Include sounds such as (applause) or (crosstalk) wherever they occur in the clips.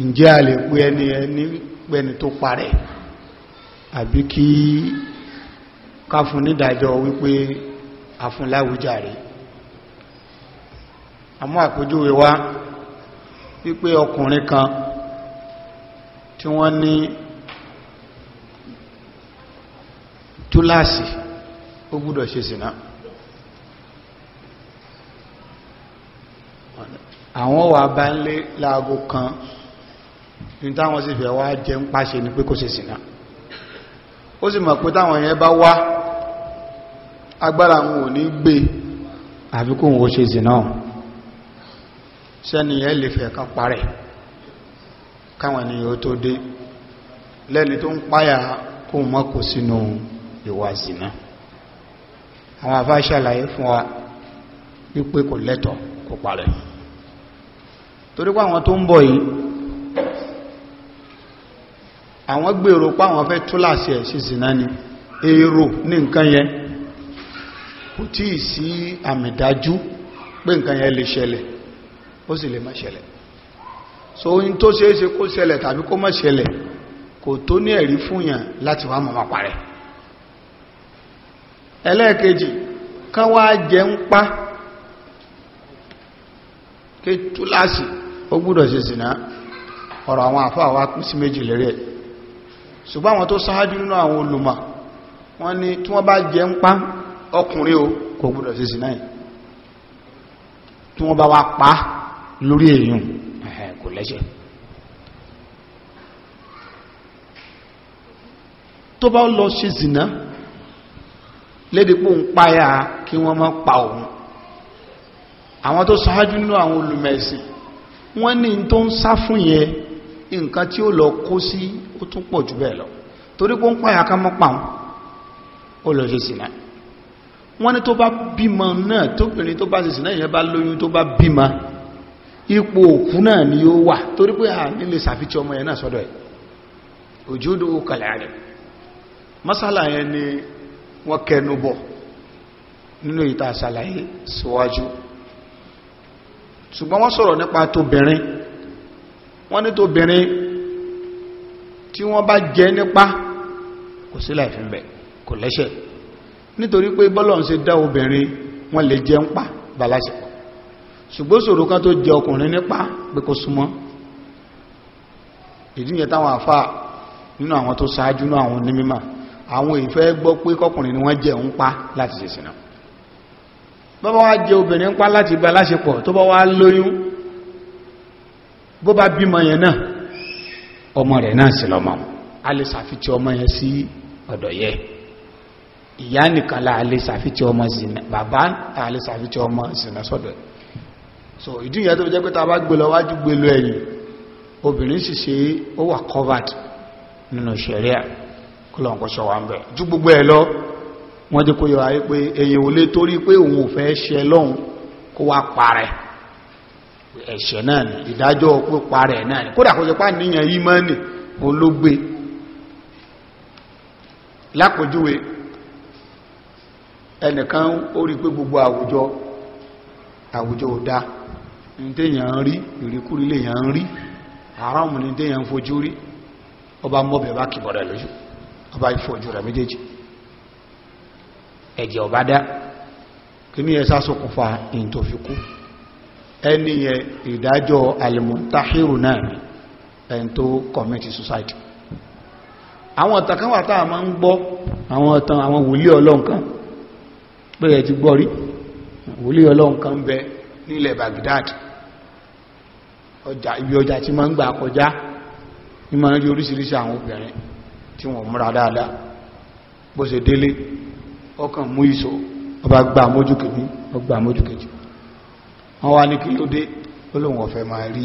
ǹjẹ́ a lè pé ẹni ẹni pẹni tó parẹ̀ àbí kí ká fún nídàjọ́ wípé àfúnláwùjáre àmọ́ àpèjúwe wá wípé ọkùnrin kan tí wọ́n ní túláàsì ó gbúdọ̀ ṣe sìná àwọn wà bá ń lé láago kan ní táwọn sì fẹ́ wá jẹ ń pàṣẹ ní pé kò ṣe sìnà ó sì mọ̀ pé táwọn yẹn bá wá agbára wọn ò ní gbé àfi kóhun ó ṣe sìnà sẹ́ni yẹn lè fẹ́ kan parẹ́ káwọn ènìyàn ó tó dé lẹ́ni tó ń páyà kóhun mọ́ kò sínú ìwà sìnà àwọn afá ṣàlàyé fún wa wípé kò lẹ́tọ̀ kò parẹ́ torí àwọn tó ń bọ̀ yìí àwọn gbèrò páwọn fẹ́ túláàsì ẹ̀ sí zina ni èrò ní nǹkan yẹn kò tí ì sí àmìdájú pé nǹkan yẹn lè ṣẹlẹ̀ ó sì lè má ṣẹlẹ̀ so in tó ṣe é ṣe kó ṣẹlẹ̀ tàbí kó má ṣẹlẹ̀ kò tó ní ẹ̀rí fúnyàn láti wá mọ̀mọ́ parẹ́ ẹlẹ́ẹ̀kejì kán wá jẹ ń pa kí túláàsì ó gbúdọ̀ ṣe zina ọ̀rọ̀ àwọn àfáà wá pín sí méjì lérí ẹ̀ ṣùgbọ́n àwọn tó sáájú nínú àwọn olùmọ̀ wọ́n ní tí wọ́n bá jẹ ń pa ọkùnrin o kò gbọdọ̀ sí sinai tí wọ́n bá wá pa lórí èèyàn kò lẹ́ṣẹ̀ tó bá lọ ṣe zìnà lédìpò ń páyà kí wọ́n má pa òun àwọn tó sáájú nínú àwọn olùmẹ̀sìn wọ́n ní tó ń sá fún yẹn nǹkan tí ó lọ kó sí ó tún pọ̀ jù bẹ́ẹ̀ lọ torí pé ó ń pàyà ká mọ́ pàun ó lọ ṣe sìnà wọ́n ni tó bá bímọ náà tóbìnrin tó bá ṣe sìnà ìyẹn bá lóyún tó bá bímọ ipò òkú náà ni ó wà torí pé à nílé sàfíkí ọmọ yẹn náà sọ́dọ̀ ẹ̀ òjòdó kalẹ̀ rẹ̀ masala yẹn ni wọ́n kẹnu bọ̀ nínú ìta àṣàlàyé síwájú ṣùgbọ́n wọ́n sọ̀rọ̀ nípa tóbìnrin wọ́n ní tó bìnrin tí wọ́n bá jẹ nípa kò sí láìfin bẹ̀ kò lẹ́ṣẹ̀ nítorí pé bọ́lọ̀ ń ṣe dá obìnrin wọ́n lè jẹ ń pa balásìkò ṣùgbọ́n ṣòro kan tó jẹ ọkùnrin nípa pé kò súnmọ́ ìdíyẹ táwọn àfà nínú àwọn tó ṣáájú náà àwọn onímímà àwọn ìfẹ́ gbọ́ pé kọkùnrin ni wọ́n jẹ ń pa láti ṣe sínà bọ́bá wá jẹ obìnrin ń pa láti gba tó bá wá lóyún bó bá bímọ yẹn náà ọmọ rẹ̀ náà sí lọ́mọ a ọmọ yẹn sí ọ̀dọ̀ yẹ ìyá nìkan la a ọmọ zina bàbá a lè ọmọ zina sọ́dọ̀ so ìdíyẹ tó jẹ́ pé ta bá gbé lọ wájú gbé lọ ẹ̀yìn obìnrin sì ṣe ó wà covered nínú ṣẹ̀ríà kọlọ̀nkọ́ sọ wà ń bẹ̀ ju gbogbo ẹ̀ lọ wọ́n jẹ́ kó ẹ̀ṣẹ̀ náà ni ìdájọ́ pípa rẹ̀ náà ni kódà kó jẹpá níyàn yí mọ́ ní olóògbé lápòjúwe ẹnìkan ó rí pé gbogbo àwùjọ àwùjọ ò dá ní téèyàn ń rí ìríkúrí léèyàn ń rí àrámù ní téèyàn ń fojú rí ọba mọ́bẹ̀ bá kìbọ̀rẹ̀ kí ní ẹ sá ṣokùnfà ẹni yẹn ìdájọ́ alimuntahiru náà ni ẹni tó kọ̀mẹ́tì society àwọn ọ̀tàn kan wà tá a máa ń gbọ́ àwọn ọ̀tàn àwọn wòlíì ọlọ́nkan pé ẹ ti gbọ́ rí wòlíì ọlọ́nkan bẹ nílẹ̀ Baghdad ọjà ibi ọjà tí máa ń gbà kọjá ní máa ń rí oríṣiríṣi àwọn obìnrin tí wọ́n múra dáadáa bó ṣe délé ọkàn mú ìṣó ọba gbà mójúkèjì ọgbà mójúkèjì wọ́n wá ní kí ló dé olóhùn ọ̀fẹ́ máa rí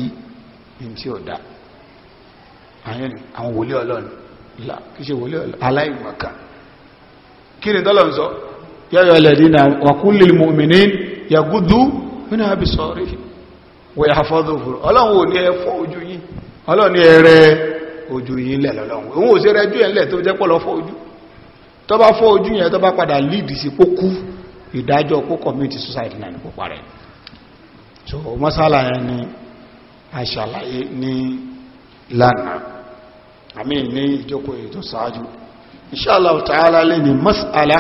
in tí ò dá àwọn wòlé ọlọ́run kí ṣe wòlé ọlọ́run aláìmọ̀kan kí ni tọ́lọ̀ ń sọ yọ́yọ́ lẹ́dínà wàkúlìl mọ̀mìnì yàgúdú nínú àbí sọ́rí wẹ̀ àfọ́dọ̀fùrù ọlọ́run ò ní ẹfọ́ ojú yín fọ́ ojú yẹn tó so masala yẹn ni a ṣàlàyé ní lánàá àmì ní ìjókòó ètò ṣáájú inshallah ta'ala lè ní masala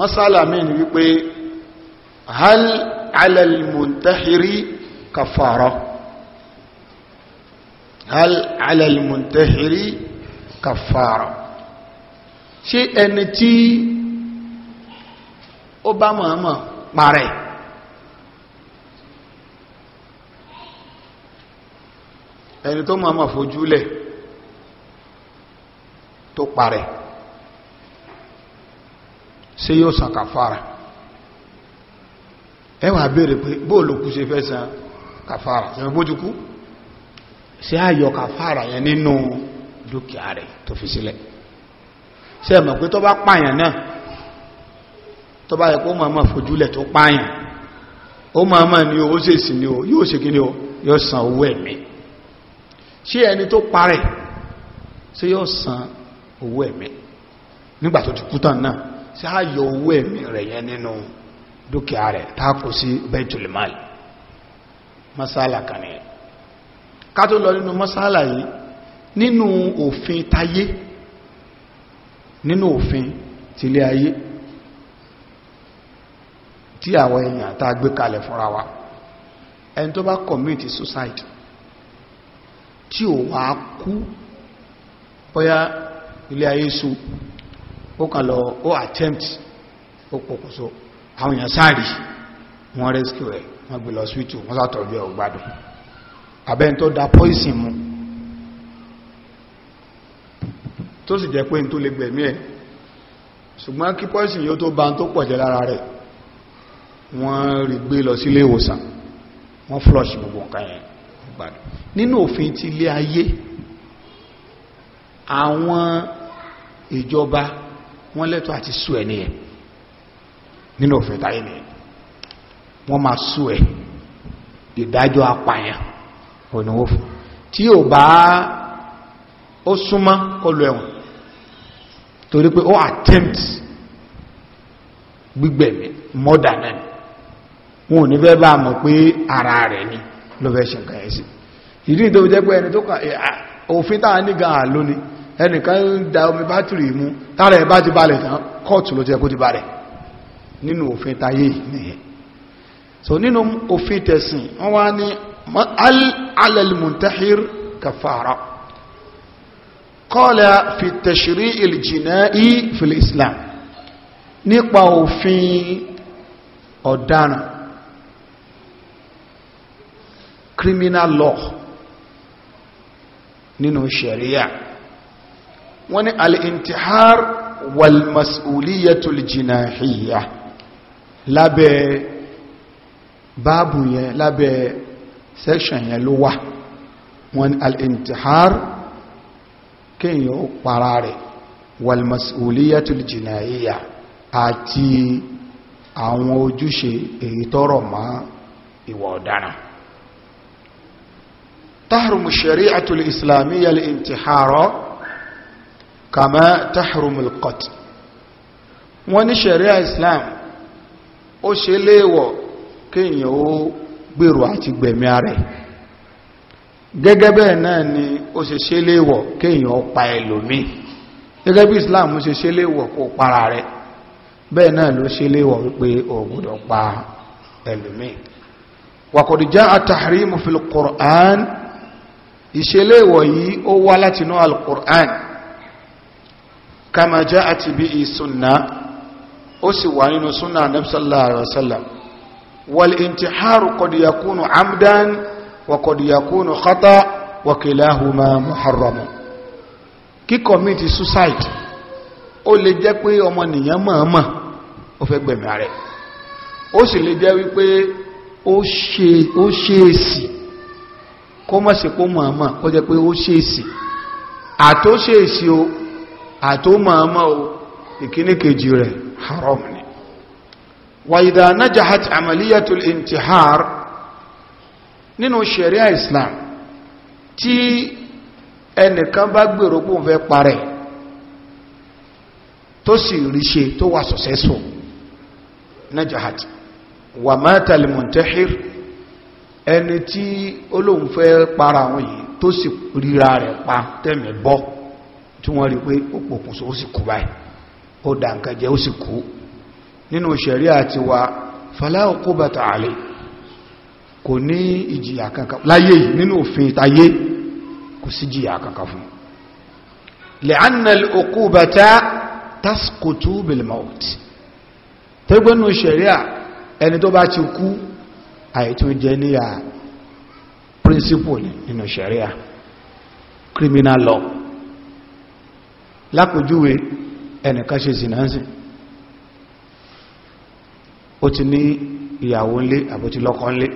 masala mi ni wípé hal alalmuntahiri kafara hal alalmuntahiri kafara ṣé ẹni tí ó bá mọ̀ọ́mọ̀ parẹ́ ẹni tó máa ma fojúlẹ̀ tó parẹ̀ ṣe yóò san kàfàrà ẹ wá béèrè pé bóòlùkú ṣe fẹ́ san kàfàrà ṣe bójúkú ṣe ayọ̀ kàfàrà yẹn nínú dúkìá rẹ̀ tó fi sílẹ̀ ṣe mọ̀ pé tó bá pààyàn náà tó bá yẹ kó máa fojúlẹ̀ tó pààyàn ó máa ma ní owó ṣèṣì ní o yóò ṣe kí ni o yóò san owó ẹ̀mí ṣé ẹni tó parẹ̀ ṣé yóò san owó ẹ̀mí nígbà tó ti kú tán náà ṣé á yọ owó ẹ̀mí rẹ̀ yẹn nínú dúkìá rẹ̀ tá sí baitul mal masala kan nìyẹn ká tó lọ nínú masala yìí nínú òfin tayé nínú òfin tilé ayé tí àwọn èèyàn tá gbé kalẹ̀ fúnra wa ẹni tó bá commit suicide tí ò wá kú bóyá ilé ayé so ó kàn lọ ó attempt ó pokùnso àwọn èèyàn sáàrí wọ́n rescue ẹ̀ wọ́n gbé lọ síwítù wọ́n sàtọ̀jú ẹ̀ ògbádùn abẹ́ni tó da poison mu tó sì jẹ́ pé n tó lè gbẹ̀mí ẹ̀ ṣùgbọ́n kí poison yóò tó bá ń tó pọ̀jẹ́ lára rẹ̀ wọ́n rí gbé lọ sílé ìwòsàn wọ́n flush gbogbo nǹkan yẹn ìbàdàn nínú òfin ti ilé ayé àwọn ìjọba wọ́n lẹ́tọ́ àti sú ẹ̀ nìyẹn nínú òfin táyé nìyẹn wọ́n máa sú ẹ̀ ìdájọ́ apààyàn òníwó fún tí ò bá ó súnmọ́ kó ẹ̀wọ̀n torí pé ó attempt gbígbẹ̀mí murder náà wọn ò ní fẹ́ bá mọ̀ pé ara rẹ̀ ni ló fẹ́ ṣe nǹkan ẹ̀sìn ìdí tó jẹ́ pé ẹni tó kà òfin táà ní gan àlò ni ẹnìkan da omi bátìrì mú tára ẹ̀ bá ti balẹ̀ tán kọ́ọ̀tù ló ti ẹkó ti balẹ̀ nínú òfin tayé nìyẹn so nínú òfin tẹ̀sìn wọ́n wá ní alẹ́lmùntahir kàfàrà kọ́ọ̀lá fi tẹ̀ṣìrí ìlìjìnà í islam nípa òfin ọ̀daràn criminal law nínú sharia wọ́n ní al-intihar wal-mas'uliyatul jinahiyya lábẹ́ báàbù yẹn lábẹ́ section yẹn ló wà wọ́n ní al kíyàn ó para rẹ̀ wal jinahiyya àti àwọn ojúṣe èyí tọ́rọ̀ mọ́ ìwà ọ̀daràn تحرم الشريعة الإسلامية الانتحار كما تحرم القتل wọ́n ní ṣẹ̀ríà Islam ó ṣe léèwọ̀ kíyàn ó gbèrò àti gbẹ̀mí ààrẹ gẹ́gẹ́ bẹ́ẹ̀ náà ni ó ṣe ṣe léèwọ̀ kíyàn ó pa ẹlòmí gẹ́gẹ́ bí Islam ṣe ṣe léèwọ̀ kó para rẹ̀ bẹ́ẹ̀ náà ló ṣe léèwọ̀ wípé ó pa ẹlòmí ìṣẹ̀lẹ̀ ìwọ̀nyí ó wá látinú al-Qur'an kama ja'at bihi sunnah ó sì wà nínú súnà Ànábì sallallahu alaihi wasallam wal-intiharu qad yakunu amdan wa qad yakunu khata wa kilahuma muharramun kí kọmíti suicide ó lè jẹ́ pé ọmọnìyàn mọ̀ọ́mọ̀ ó fẹ́ gbẹ̀mí rẹ̀ ó sì lè jẹ́ wípé ó ṣe é sí kó mọ̀ sí kó mọ̀ọ́mọ̀ kó jẹ́ pé ó ṣèèsì àtó ṣèèsì o àtó mọ̀ọ́mọ̀ o ìkíní kejì rẹ̀ haram ni wa idha najahat amaliyatul intihar nínú sharia islam tí ẹnìkan bá gbèrò pò fẹ́ parẹ́ tó sì ríṣe tó wà successful najahat wa mata al muntahir ẹni tí olóhun fẹ́ para àwọn yìí tó sì ríra rẹ̀ pa tẹ́mẹ̀ bọ́ tí wọ́n rí pé ó pòkùnso ó sì kú báyìí ó dà nǹkan jẹ́ ó sì kú nínú ṣẹ̀rí àti wa fala uqubata alay kò ní ìjìyà kankan láyé yìí nínú òfin ìtayé kò sí jìyà kankan fún ẹni tó bá ti kú àìtó jẹ níyà principle nínú sharia criminal law lápòjúwe ẹnìkan ṣe zinansi ó ti ní ìyàwó ńlé àbótí lọ́kọ ńlé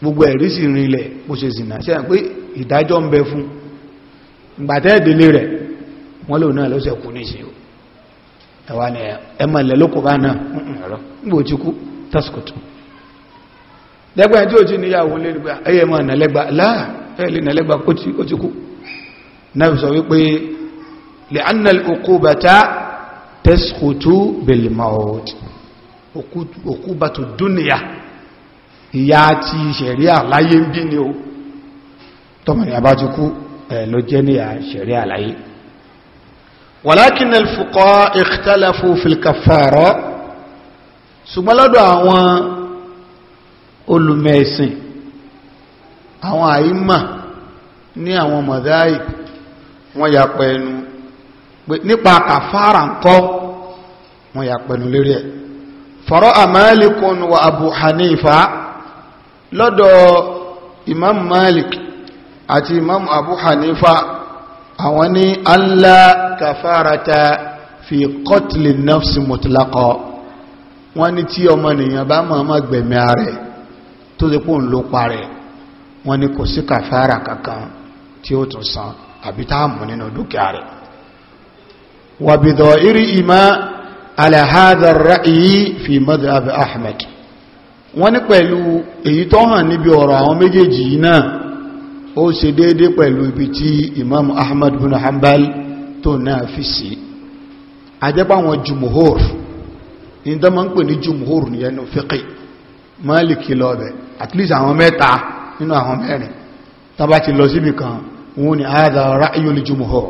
gbogbo ẹ̀rí sì rinlẹ̀ ó ṣe zìnà ṣe pé ìdájọ́ ń bẹ fún ìgbàtẹ́ ìdílé rẹ̀ wọ́n lò náà lọ́sẹ̀ ní ṣe o ẹwà ni ẹmọ ìlẹ̀lókò bá náà nígbò tí kú tásìkòtò dẹ́gbẹ́ tí ó ti níyàwó lè nígbà ẹyẹ mọ́ nàlẹ́gbà láà ẹ̀lẹ́ nàlẹ́gbà kó ti kú náà sọ wípé lè annal okúbata tásìkòtò belmaut okúbatu dúnìyà ìyá ti ṣẹ̀rí àláyé ń bí ni ó tọ́mọ̀ ni a bá ti kú ẹ̀ ló jẹ́ ní ṣẹ̀rí àláyé ولكن الفقهاء ikhtalafu في الكفارة ṣùgbọ́n lọ́dọ̀ àwọn olùmẹ̀ẹ̀sìn àwọn àìmà ní àwọn mọ̀dáì wọ́n ya pẹ̀lú nípa kàfàrà ńkọ́ wọ́n ya pẹ̀lú lérí ẹ̀ fọ̀rọ̀ àmáàlìkùn wa abu lọ́dọ̀ imam malik àti imam abu àwọn ní anla kàfàràtà fi kọtìlì nafsi mutlaqọ wọ́n ní tí ọmọnìyàn bá mọ̀ọ́mọ̀ gbẹ̀mí rẹ̀ tó ti pò ń ló parẹ̀ wọ́n ní kò sí kàfàrà kankan tí ó tún san àbí tá nínú dúkìá rẹ̀ wàbìdọ̀ irí ìmá alahadar ra'ayi fi madhab ahmed wọ́n ní pẹ̀lú èyí tó hàn níbi ọ̀rọ̀ àwọn méjèèjì náà ó ṣe déédé pẹ̀lú ibi tí imam ahmad bin hanbal tó náà fi sí ajẹ́báwọn jùmùhór ní tó máa ń pè ní jùmùhór ní ẹnu fíkì máàlìkì lọ́bẹ̀ at least àwọn mẹ́ta nínú àwọn mẹ́rin tàbá ti lọ síbi kan wọ́n ni àádà ráyùlì jùmùhór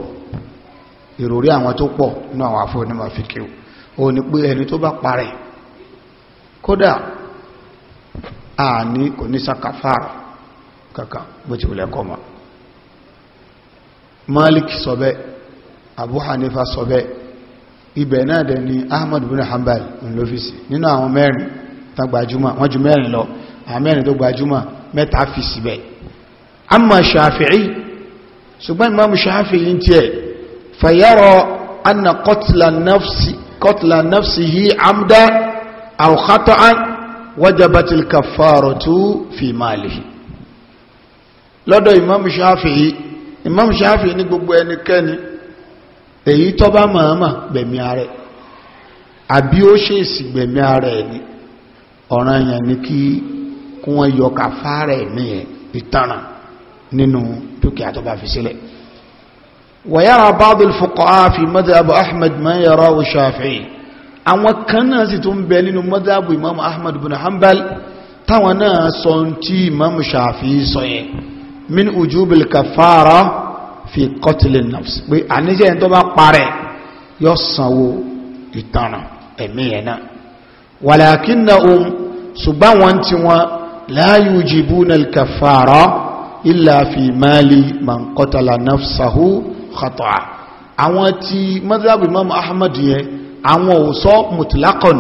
ìròrí àwọn tó pọ̀ nínú àwọn afọ́ ní ma fi ní pé ẹni tó bá parẹ̀ kódà àní kò ní sakafara kankan bó ti wùlẹ̀ kọmọ malik sọ bẹ́ẹ̀ abu hanifa sọ bẹ́ẹ̀ ibẹ̀ náà dẹ̀ ni ahmad bin hanbal ńlọ́fíìsì nínú àwọn mẹ́rin tán gbajúmọ̀ wọ́n ju mẹ́rin lọ àwọn mẹ́rin tó gbajúmọ̀ mẹ́ta fi síbẹ̀ amma shafi'i ṣùgbọ́n imam shafi'i ń tiẹ̀ fayarọ anna qatla nafsi wajabatil kaffaratu fi malihi lọ́dọ̀ imam shafi'i imam shafi'i ní gbogbo ẹnikẹ́ni èyí tó bá mọ̀ọ́mọ̀ gbẹ̀mí ààrẹ àbí ó ṣèèsì gbẹ̀mí ààrẹ ni ọ̀ràn yẹn ni kí wọ́n yọ kàfàrà ẹ̀mí ẹ̀ ìtanràn nínú dúkìá tó bá fi sílẹ̀ wàyára báàbí fuqaha fi madhhab ahmed man yarahu shafi'i àwọn kan náà sì táwọn náà sọ tí imam shafi'i sọ yẹn min ujubil kafara fi qatlin nafs pé àníṣe ẹni tó bá parẹ́ yóò sanwó ìtanràn ẹ̀mí yẹn náà walakinnahum ṣùgbọ́n wọn tí wọn la yujibuna al-kafara illa fi mali man qatala nafsahu khata'a àwọn tí madhhab imam ahmad yẹn àwọn ò sọ mutlaqan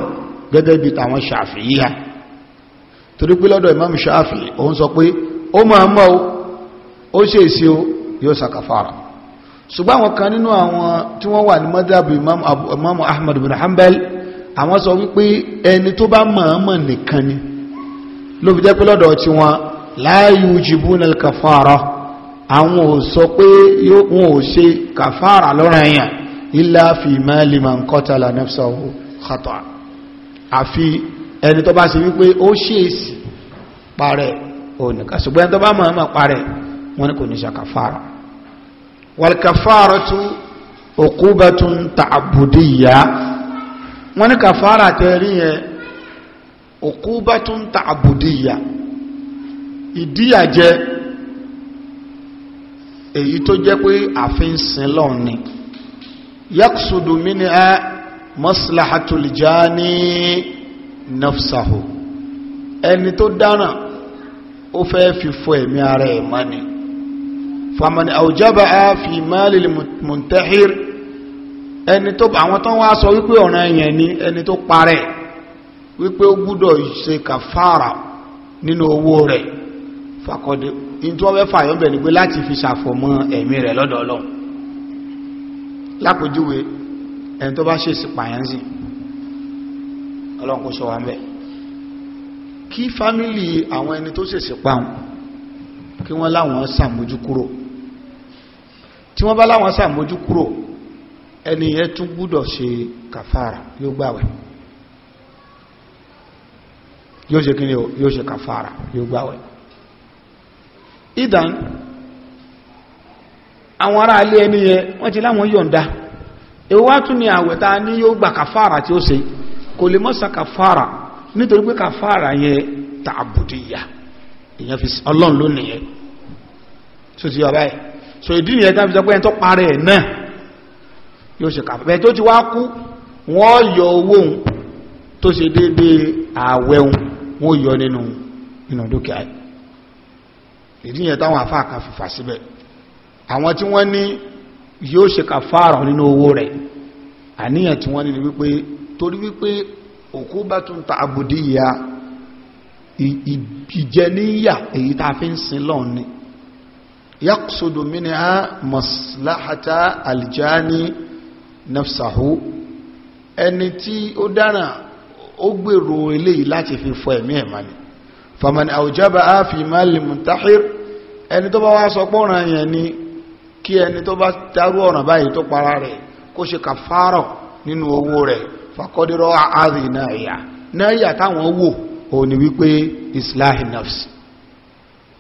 gẹ́gẹ́ bí tàwọn ṣàfihíyà torí pé imam ṣàfihì òun sọ pé ó máa mọ́ ó ṣe èsì o yóò sàkàfàrà ṣùgbọ́n àwọn kan nínú àwọn tí wọ́n wà ní mọ́dábì imam ahmad bin hanbal àwọn sọ wípé ẹni tó bá mọ̀ọ́mọ̀ nìkan ni ló fi jẹ́ pé lọ́dọ̀ tí wọn la yujibuna al-kafara àwọn ò sọ pé wọn ò ṣe kàfàrà lọ́rọ̀ ẹ̀yàn illa wọ́n ní kò ní ṣe kàfàrà wal kafaratu uqubatun ta'abbudiyya wọ́n ní kàfàrà tẹ́rí yẹn uqubatun ta'abbudiyya ìdíyàjẹ́ èyí tó jẹ́ pé àfin sin lọ́n ni yaksudu minha maslahatul jani nafsahu ẹni tó dáná ó fẹ́ fi fọ ẹ̀mí ara ẹ̀ mọ́ فمن awjaba في مال muntahir ẹni tó àwọn tó wá sọ wípé ọ̀ràn yẹn ni ẹni tó parẹ́ wípé ó gbúdọ̀ ṣe kàfàrà nínú owó rẹ̀ fàkọ̀dé in tó wẹ́ fàyọ́ bẹ̀ ni pé láti fi ṣàfọ̀mọ́ ẹ̀mí rẹ̀ lọ́dọ̀ Ọlọ́run ẹni tó bá ṣe ìsìpàyánsì Ọlọ́run kò ṣọ́ wa mẹ́ kí fámílì àwọn ẹni tó ṣèṣì kí wọ́n láwọn ṣàmójúkúrò tí wọ́n bá láwọn sàmójú kúrò ẹni yẹ tún gbúdọ̀ ṣe kàfàrà yóò gbàwẹ̀ yóò ṣe kíni yóò ṣe kàfàrà yóò gbàwẹ̀ ìdán àwọn ará alé ẹni yẹ wọ́n ti láwọn yọ̀ǹda èwo wá tún ni àwẹ̀ ní yóò gbà kàfàrà tí ó ṣe kò lè mọ́ kàfàrà nítorí pé kàfàrà yẹn tààbùdìyà ìyẹn fi ọlọ́run ló nìyẹn tó ti yọ báyìí so ìdí nìyẹn tá fi sọ pé ẹni tó parẹ́ ẹ̀ náà yóò ṣe kàfà bẹ́ẹ̀ tó ti wá kú wọ́n yọ owó òun tó ṣe déédéé ààwẹ̀ òun wọ́n yọ nínú nínú dúkìá ẹ̀ ìdí nìyẹn táwọn àfáà kan fìfà síbẹ̀ àwọn tí wọ́n ní yóò ṣe kàfàrà nínú owó rẹ̀ àníyàn tí wọ́n ní wípé torí wípé òkú bá tún ta àbùdíyà ìjẹníyà èyí tá fi ń sin lọ́ọ̀ ni يقصد منها مصلحة الجاني نفسه ẹni tí ó dára ó gbèrò eléyìí láti fi fọ ẹ̀mí ẹ̀má ni faman àwùjábà á fi máa lè mùtáhìr ẹni tó bá wá sọ pọ́nrán yẹn ni kí ẹni tó bá dárú ọ̀ràn báyìí tó para rẹ̀ kó ṣe kàfárọ̀ nínú owó rẹ̀ fàkọ́dírọ́ àárín náà yà náà yà táwọn wò òun ni wípé islahi nafsi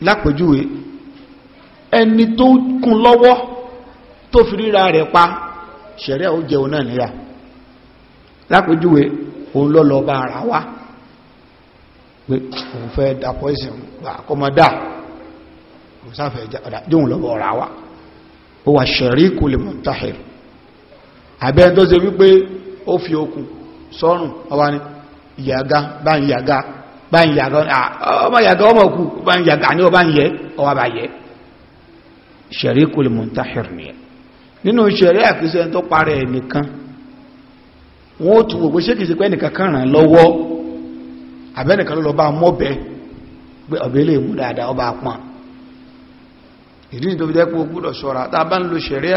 lápèjúwe ẹni tó kún lọ́wọ́ tó fi ríra rẹ̀ pa ṣẹ̀rẹ́ ó jẹun náà níyà lápèjúwe òun lọ bá ara wá pé òun fẹ́ gbà kọmọdá òun sáfẹ́ ara wá ó wà fi okùn sọ́rùn ọwá bá ń yàgọ́ ọmọ yàgọ́ ọmọ kú bá ń yàgọ́ àní ọba ń yẹ ọwọ́ bá yẹ sharikul muntahir nìyẹn nínú ṣẹ̀rí àkíṣẹ́ tó parẹ́ ẹnìkan wọ́n ó tún wògbé ṣékìsí pé ẹnìkan kan ràn lọ́wọ́ àbẹ́nìkan ló lọ bá mọ́bẹ̀ pé ọ̀bẹ̀ lè mú dáadáa ọba pọn ìdí tó fi jẹ́ pé ó gbọ́dọ̀ ṣọ́ra tá a bá ń lo ṣẹ̀rí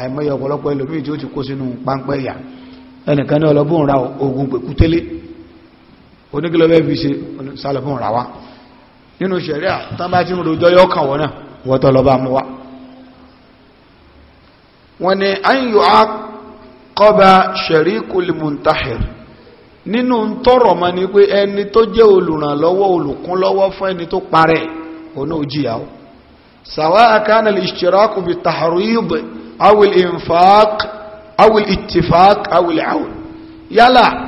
àìmọye ọ̀pọ̀lọpọ̀ ẹlòmíì tí ó ti kó sínú páńpẹ́ yà ẹnìkan ní ọlọ́bùn ra ogun pẹ̀kútélé oníkìlọ́fẹ́ fi ṣe sálọ̀fún ràwá nínú ṣẹ̀ríà tán bá tí ń rojọ́ yọ́ kàn wọ́n náà wọ́tọ̀ lọ bá mú wá wọ́n ni ayyù akọba sharikul muntahir nínú tọ́rọ̀ mọ́ ni pé ẹni tó jẹ́ yálà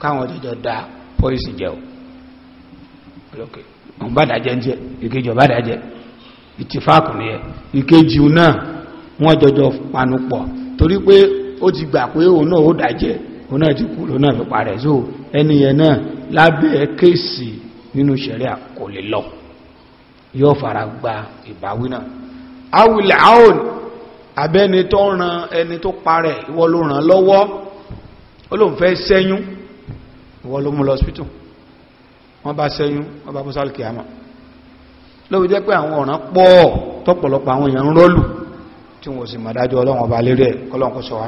káwọn jọjọ da pọ́ìsì jẹ́ o lókè òun bá dájẹ́ jẹ́ ìkejì ọba dájẹ́ ìtìfáàkù ni ẹ ìkejì náà wọ́n jọjọ panupọ̀ torí pé ó ti gbà pé òun náà ó dájẹ́ òun náà ti kú lòun náà fi parẹ́ so ẹni yẹn náà lábẹ́ kéèsì nínú ṣẹ̀ríà kò lọ yóò fara gba ìbáwí náà awilẹ̀ aon abẹ́ni tó ran ẹni tó parẹ́ ìwọ ló ràn lọ́wọ́ ó lóun fẹ́ sẹ́yún wọ́n ló mú lọ hospital wọ́n bá sẹ́yún wọ́n bá bọ́sálì kìámà lóbi jẹ́ pé àwọn ọ̀ràn pọ̀ tọ́pọ̀lọpọ̀ àwọn èèyàn ń rọ́lù tí wọ́n sì mọ̀dájọ́ ọlọ́run ọba lérí ẹ̀ kọ́lọ́n kó sọ wá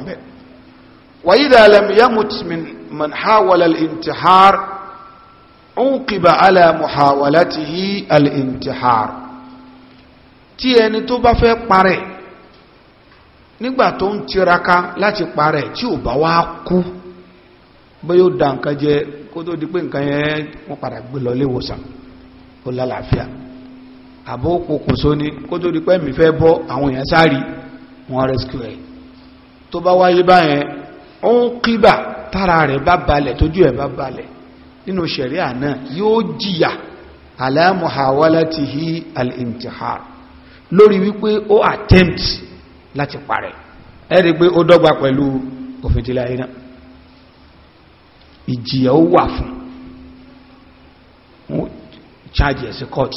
bó yóò da nǹkan jẹ kó tó di pé nǹkan yẹn wọ́n padà gbé lọ léwòsàn ó lálàáfíà àbó pokùnso ni kó tó di pé mi fẹ́ bọ́ àwọn èèyàn sáré wọ́n rescue ẹ̀ tó bá wáyé báyẹn ó ń kíbà tára rẹ̀ bá balẹ̀ tójú ẹ̀ bá balẹ̀ nínú ṣẹ̀ríà náà yóò jìyà ala muhawalatihi al-intihar lórí wípé ó attempt láti parẹ́ ẹ rí pé ó dọ́gba pẹ̀lú òfin tilẹ̀ ìjìyà ó wà fún wọ́n charge ẹ̀ court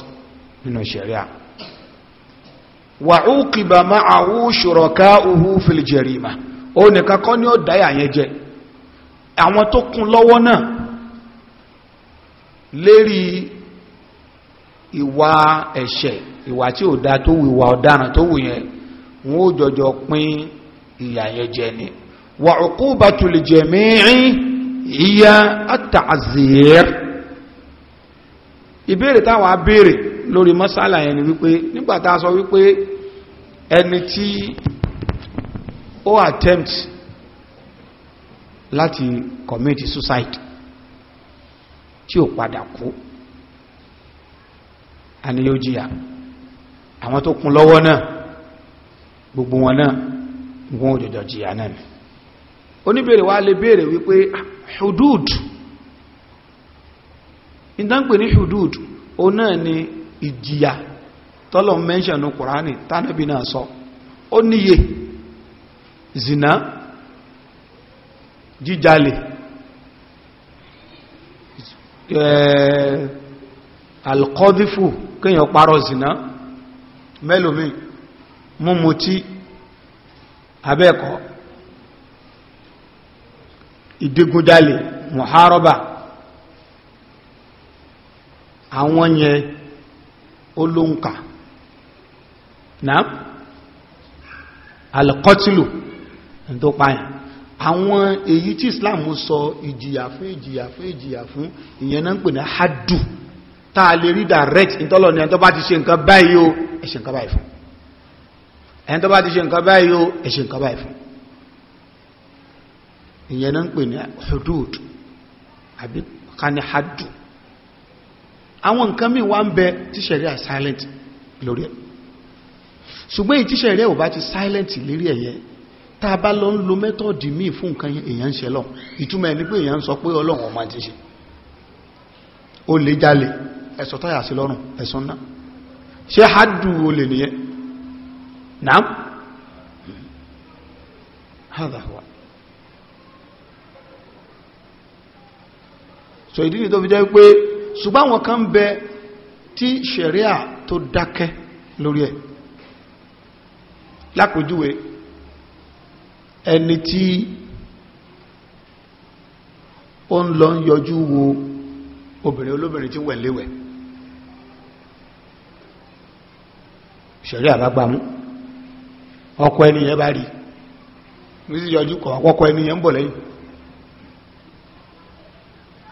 nínú sharia wà ó kìbà máa àwú ṣòrọ̀ká ohú fìlìjẹ̀rìmà ó nìkan kọ́ ní ó dáyà yẹn jẹ àwọn tó kún lọ́wọ́ náà lérí ìwà ẹ̀ṣẹ̀ ìwà tí ò dá tó wù ìwà ọ̀daràn tó wù yẹn wọ́n ó jọjọ pín ìyà yẹn jẹ ni wà ó kú bàtùlìjẹ̀mí ìyá àtàzìr ìbéèrè táwọn abéèrè lórí mọ́sálà yẹn ni wípé nígbàtà sọ wípé ẹni tí ó attempt láti commit suicide tí ó padà kú àní yóò jìyà àwọn tó kún lọ́wọ́ náà gbogbo wọn náà gbogbo òjòjò jìyà náà oníbèrè wa lè béèrè wípé ah, hudud ìdánpè ní hudud o náà ni ìjìyà tọ́lọ̀ mẹ́ṣẹ̀nù kùránì tánàbí náà sọ ó níye zina jíjalè eh, alkọ́dífù kíyàn parọ́ zina mẹ́lòmí múmutí abẹ́ẹ̀kọ́ ìdígúdálẹ̀ mọ̀hárọ́bà àwọn yẹn olóǹkà náà alkọtìlù tó pààyàn àwọn èyí tí Islam sọ ìjìyà fún ìjìyà fún ìjìyà fún ìyẹn náà pè ní hadu tàà lè rí direct ìtọ́lọ̀ ní ẹni tó bá ti ṣe nǹkan báyìí o ẹ ṣe nǹkan báyìí nǹkan báyìí fún ìyẹn náà ń pè ní hudud àbí kanihadu àwọn nǹkan míì wá ń bẹ tí ṣẹ̀ríà silent lórí ẹ̀ ṣùgbọ́n èyí tí ṣẹ̀ríà ò bá ti silent lérí ẹ̀yẹ tá a bá lọ ń lo mẹ́tọ̀dì míì fún nǹkan èèyàn ń ṣe lọ ìtumọ̀ ẹni pé èèyàn ń sọ pé ọlọ́run ọmọ ti ṣe ó lè jalè ẹ̀sọ̀ táyà sí lọ́rùn ẹ̀sùn náà ṣé hadu olè nìyẹn naam hada so ìdí ni tó fi jẹ́ pé ṣùgbọ́n àwọn kan bẹ tí ṣẹ̀ríà tó dákẹ́ lórí ẹ̀ lápòjúwe ẹni tí ó ń lọ ń yọjú wo obìnrin olóbìnrin tí wẹ̀léwẹ̀ ṣẹ̀ríà bá gbámú ọkọ ẹniyàn bá rí ní sí yọjú kọ̀ ọkọ ẹniyàn ń bọ̀ lẹ́yìn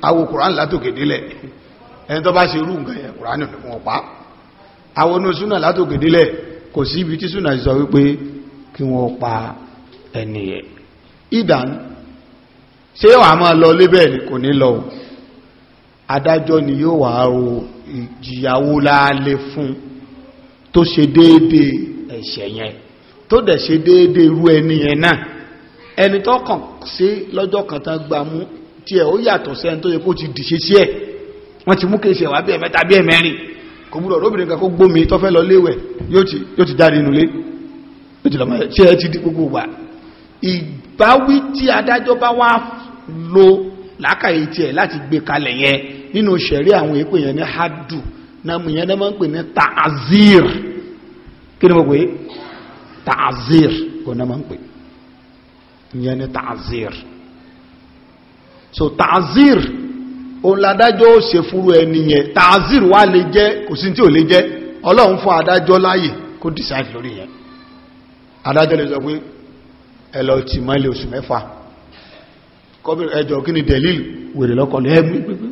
awo kùránì látòkè délẹ̀ ẹni tó bá ṣe irú nǹkan yẹn kùránì fún ọ̀pá àwọn onú súnà látòkè délẹ̀ kò sí ibi tí súnà sọ wípé kí wọ́n pa ẹni yẹn ìdán ṣé wàá máa lọ lébẹ̀ ni kò ní lọ adájọ́ ni yóò wà ro ìjìyàwó láálé fún tó ṣe déédéé ẹ̀ṣẹ̀ yẹn tó dẹ̀ ṣe déédéé irú ẹni yẹn náà ẹni tó kàn sí lọ́jọ́ kan tán gbámú tí ẹ̀ ó yàtọ̀ sẹ́ni tó yẹ kó ti dìṣe sí ẹ̀ wọ́n ti mú kéèṣì ẹ̀wà bí ẹ̀mẹ́ta bí ẹ̀mẹ́rin kò gbúdọ̀ lóbìnrin kan kó gbómi tó fẹ́ lọ léwẹ̀ yóò ti dáre inú lé lo làákàyè tiẹ̀ láti gbé kalẹ̀ yẹn nínú ṣẹ̀rí àwọn èpè yẹn ní hadu nàmù ta'azir kí ni mo ta'azir so ta'zir òun ládájọ́ ó ṣe fúru ẹni yẹn ta'zir wá lè jẹ́ kò sí tí ò lè jẹ́ ọlọ́run fún adájọ́ láàyè kó decide lórí yẹn adájọ́ lè sọ pé ẹ lọ tì mọ́lẹ̀ oṣù mẹ́fà kọ́bìnrin ẹjọ́ kí ni dẹ̀líl wèrè lọ́kọ̀ ní ẹ̀mí pípé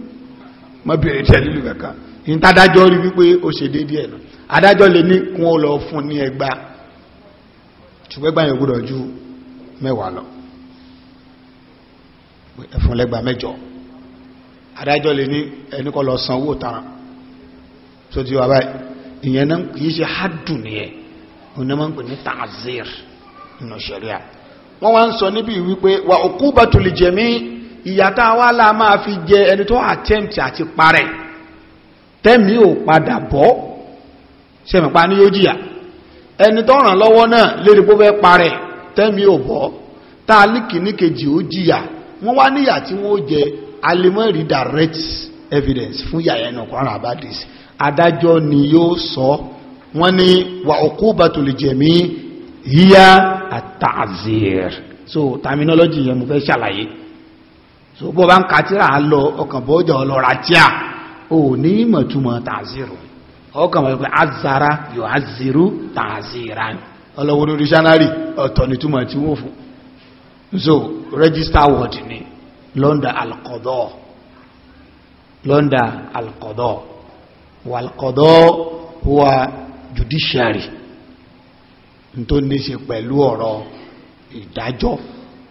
má bèrè dẹ̀líl kankan ní tádájọ́ rí wípé ó ṣe déédéé ẹ̀ adájọ́ lè ní kún ó lọ fún ní ẹgbàá ṣùgbẹ́gbàá yẹn gbọ́dọ̀ ju mẹ́wàá lọ ẹ̀fún lẹ́gbàá mẹ́jọ adájọ́ lè ní ẹnikọ́ lọ san owó tara so ti wà báyìí ìyẹn náà kìí ṣe hádùn nìyẹn òun náà ń pè ní tazir nínú ṣẹ̀ríà wọ́n wá ń sọ níbi wípé wà òkú bàtùlì jẹ̀mí ìyàtà wa la máa fi jẹ ẹni tó attempt àti parẹ́ tẹ́mi ò padà bọ́ sẹ́mìpa ní yóò jìyà ẹni tó ràn lọ́wọ́ náà lérí pé ó fẹ́ parẹ́ tẹ́mi ò bọ́ tá a líkì ní kejì ó jìyà wọ́n wá níyà tí wọ́n jẹ alimọ́rì direct evidence fún yàyà ẹnu kọ́ran abadis adájọ́ ni yóò sọ wọ́n ní wà òkú bàtòlìjẹ̀mí yíyá àtàzìr so terminology yẹn mo fẹ́ ṣàlàyé so bó bá ń katira lọ ọkàn bọ́jà ọlọ́ra tíà ò ní ìmọ̀túmọ̀ tàzìrò ọkàn bọ́jà pé azara yóò azìrú tàzìrán ọlọ́wọ́ ní dictionary ọ̀tọ̀ nìtúmọ̀ tí wọ́n fún so register word ni lọ́ndà alkọ̀dọ́ lọ́ndà alkọ̀dọ́ walkọ̀dọ́ huwa judiciary nto ni se pẹ̀lú ọ̀rọ̀ ìdájọ́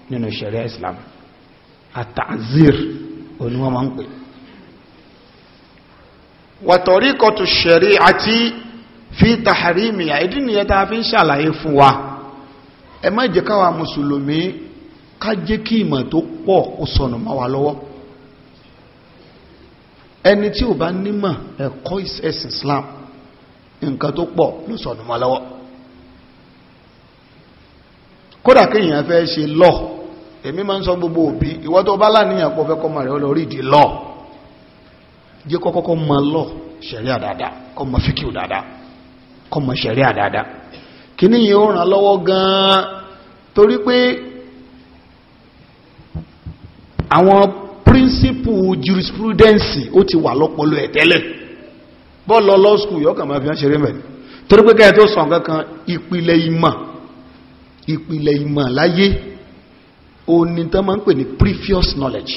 nínú sharia islam àtàzír oníwọ́n máa ń pè wàtọ̀rí kọtù ṣẹ̀rí àti fi tàhàrí mìíyà ìdí nìyẹn tá fi ń ṣàlàyé fún wa ẹ má jẹ́ káwa mùsùlùmí ká jẹ́ kí ìmọ̀ tó pọ̀ kó sọnù máa wà lọ́wọ́ ẹni tí ò bá nímọ̀ ẹ̀kọ́ Islam nǹkan tó pọ̀ ló sọnù máa lọ́wọ́ kódà kéèyàn fẹ́ ṣe lọ èmi máa ń sọ gbogbo òbí ìwọ tó bá láníyàn pọ̀ fẹ́ kọ́ ọmọ rẹ̀ lórí ìdí lọ jẹ́ mọ lọ ṣẹ̀ríà dáadáa kọ́ mọ fíkìú dáadáa kọ́ mọ ó ràn lọ́wọ́ gan-an torí pé àwọn principle jurisprudence ó ti wà lọ́pọlọ ẹ̀ tẹ́lẹ̀ bọ́ọ̀lù law school yọ́kàn máa fi ń ṣeré mẹ́rin torí pé kẹ́ẹ̀ tó sàn kankan ìpìlẹ̀ ìmọ̀ ìpìlẹ̀ ìmọ̀ láyé o ní tán máa ń pè ní previous knowledge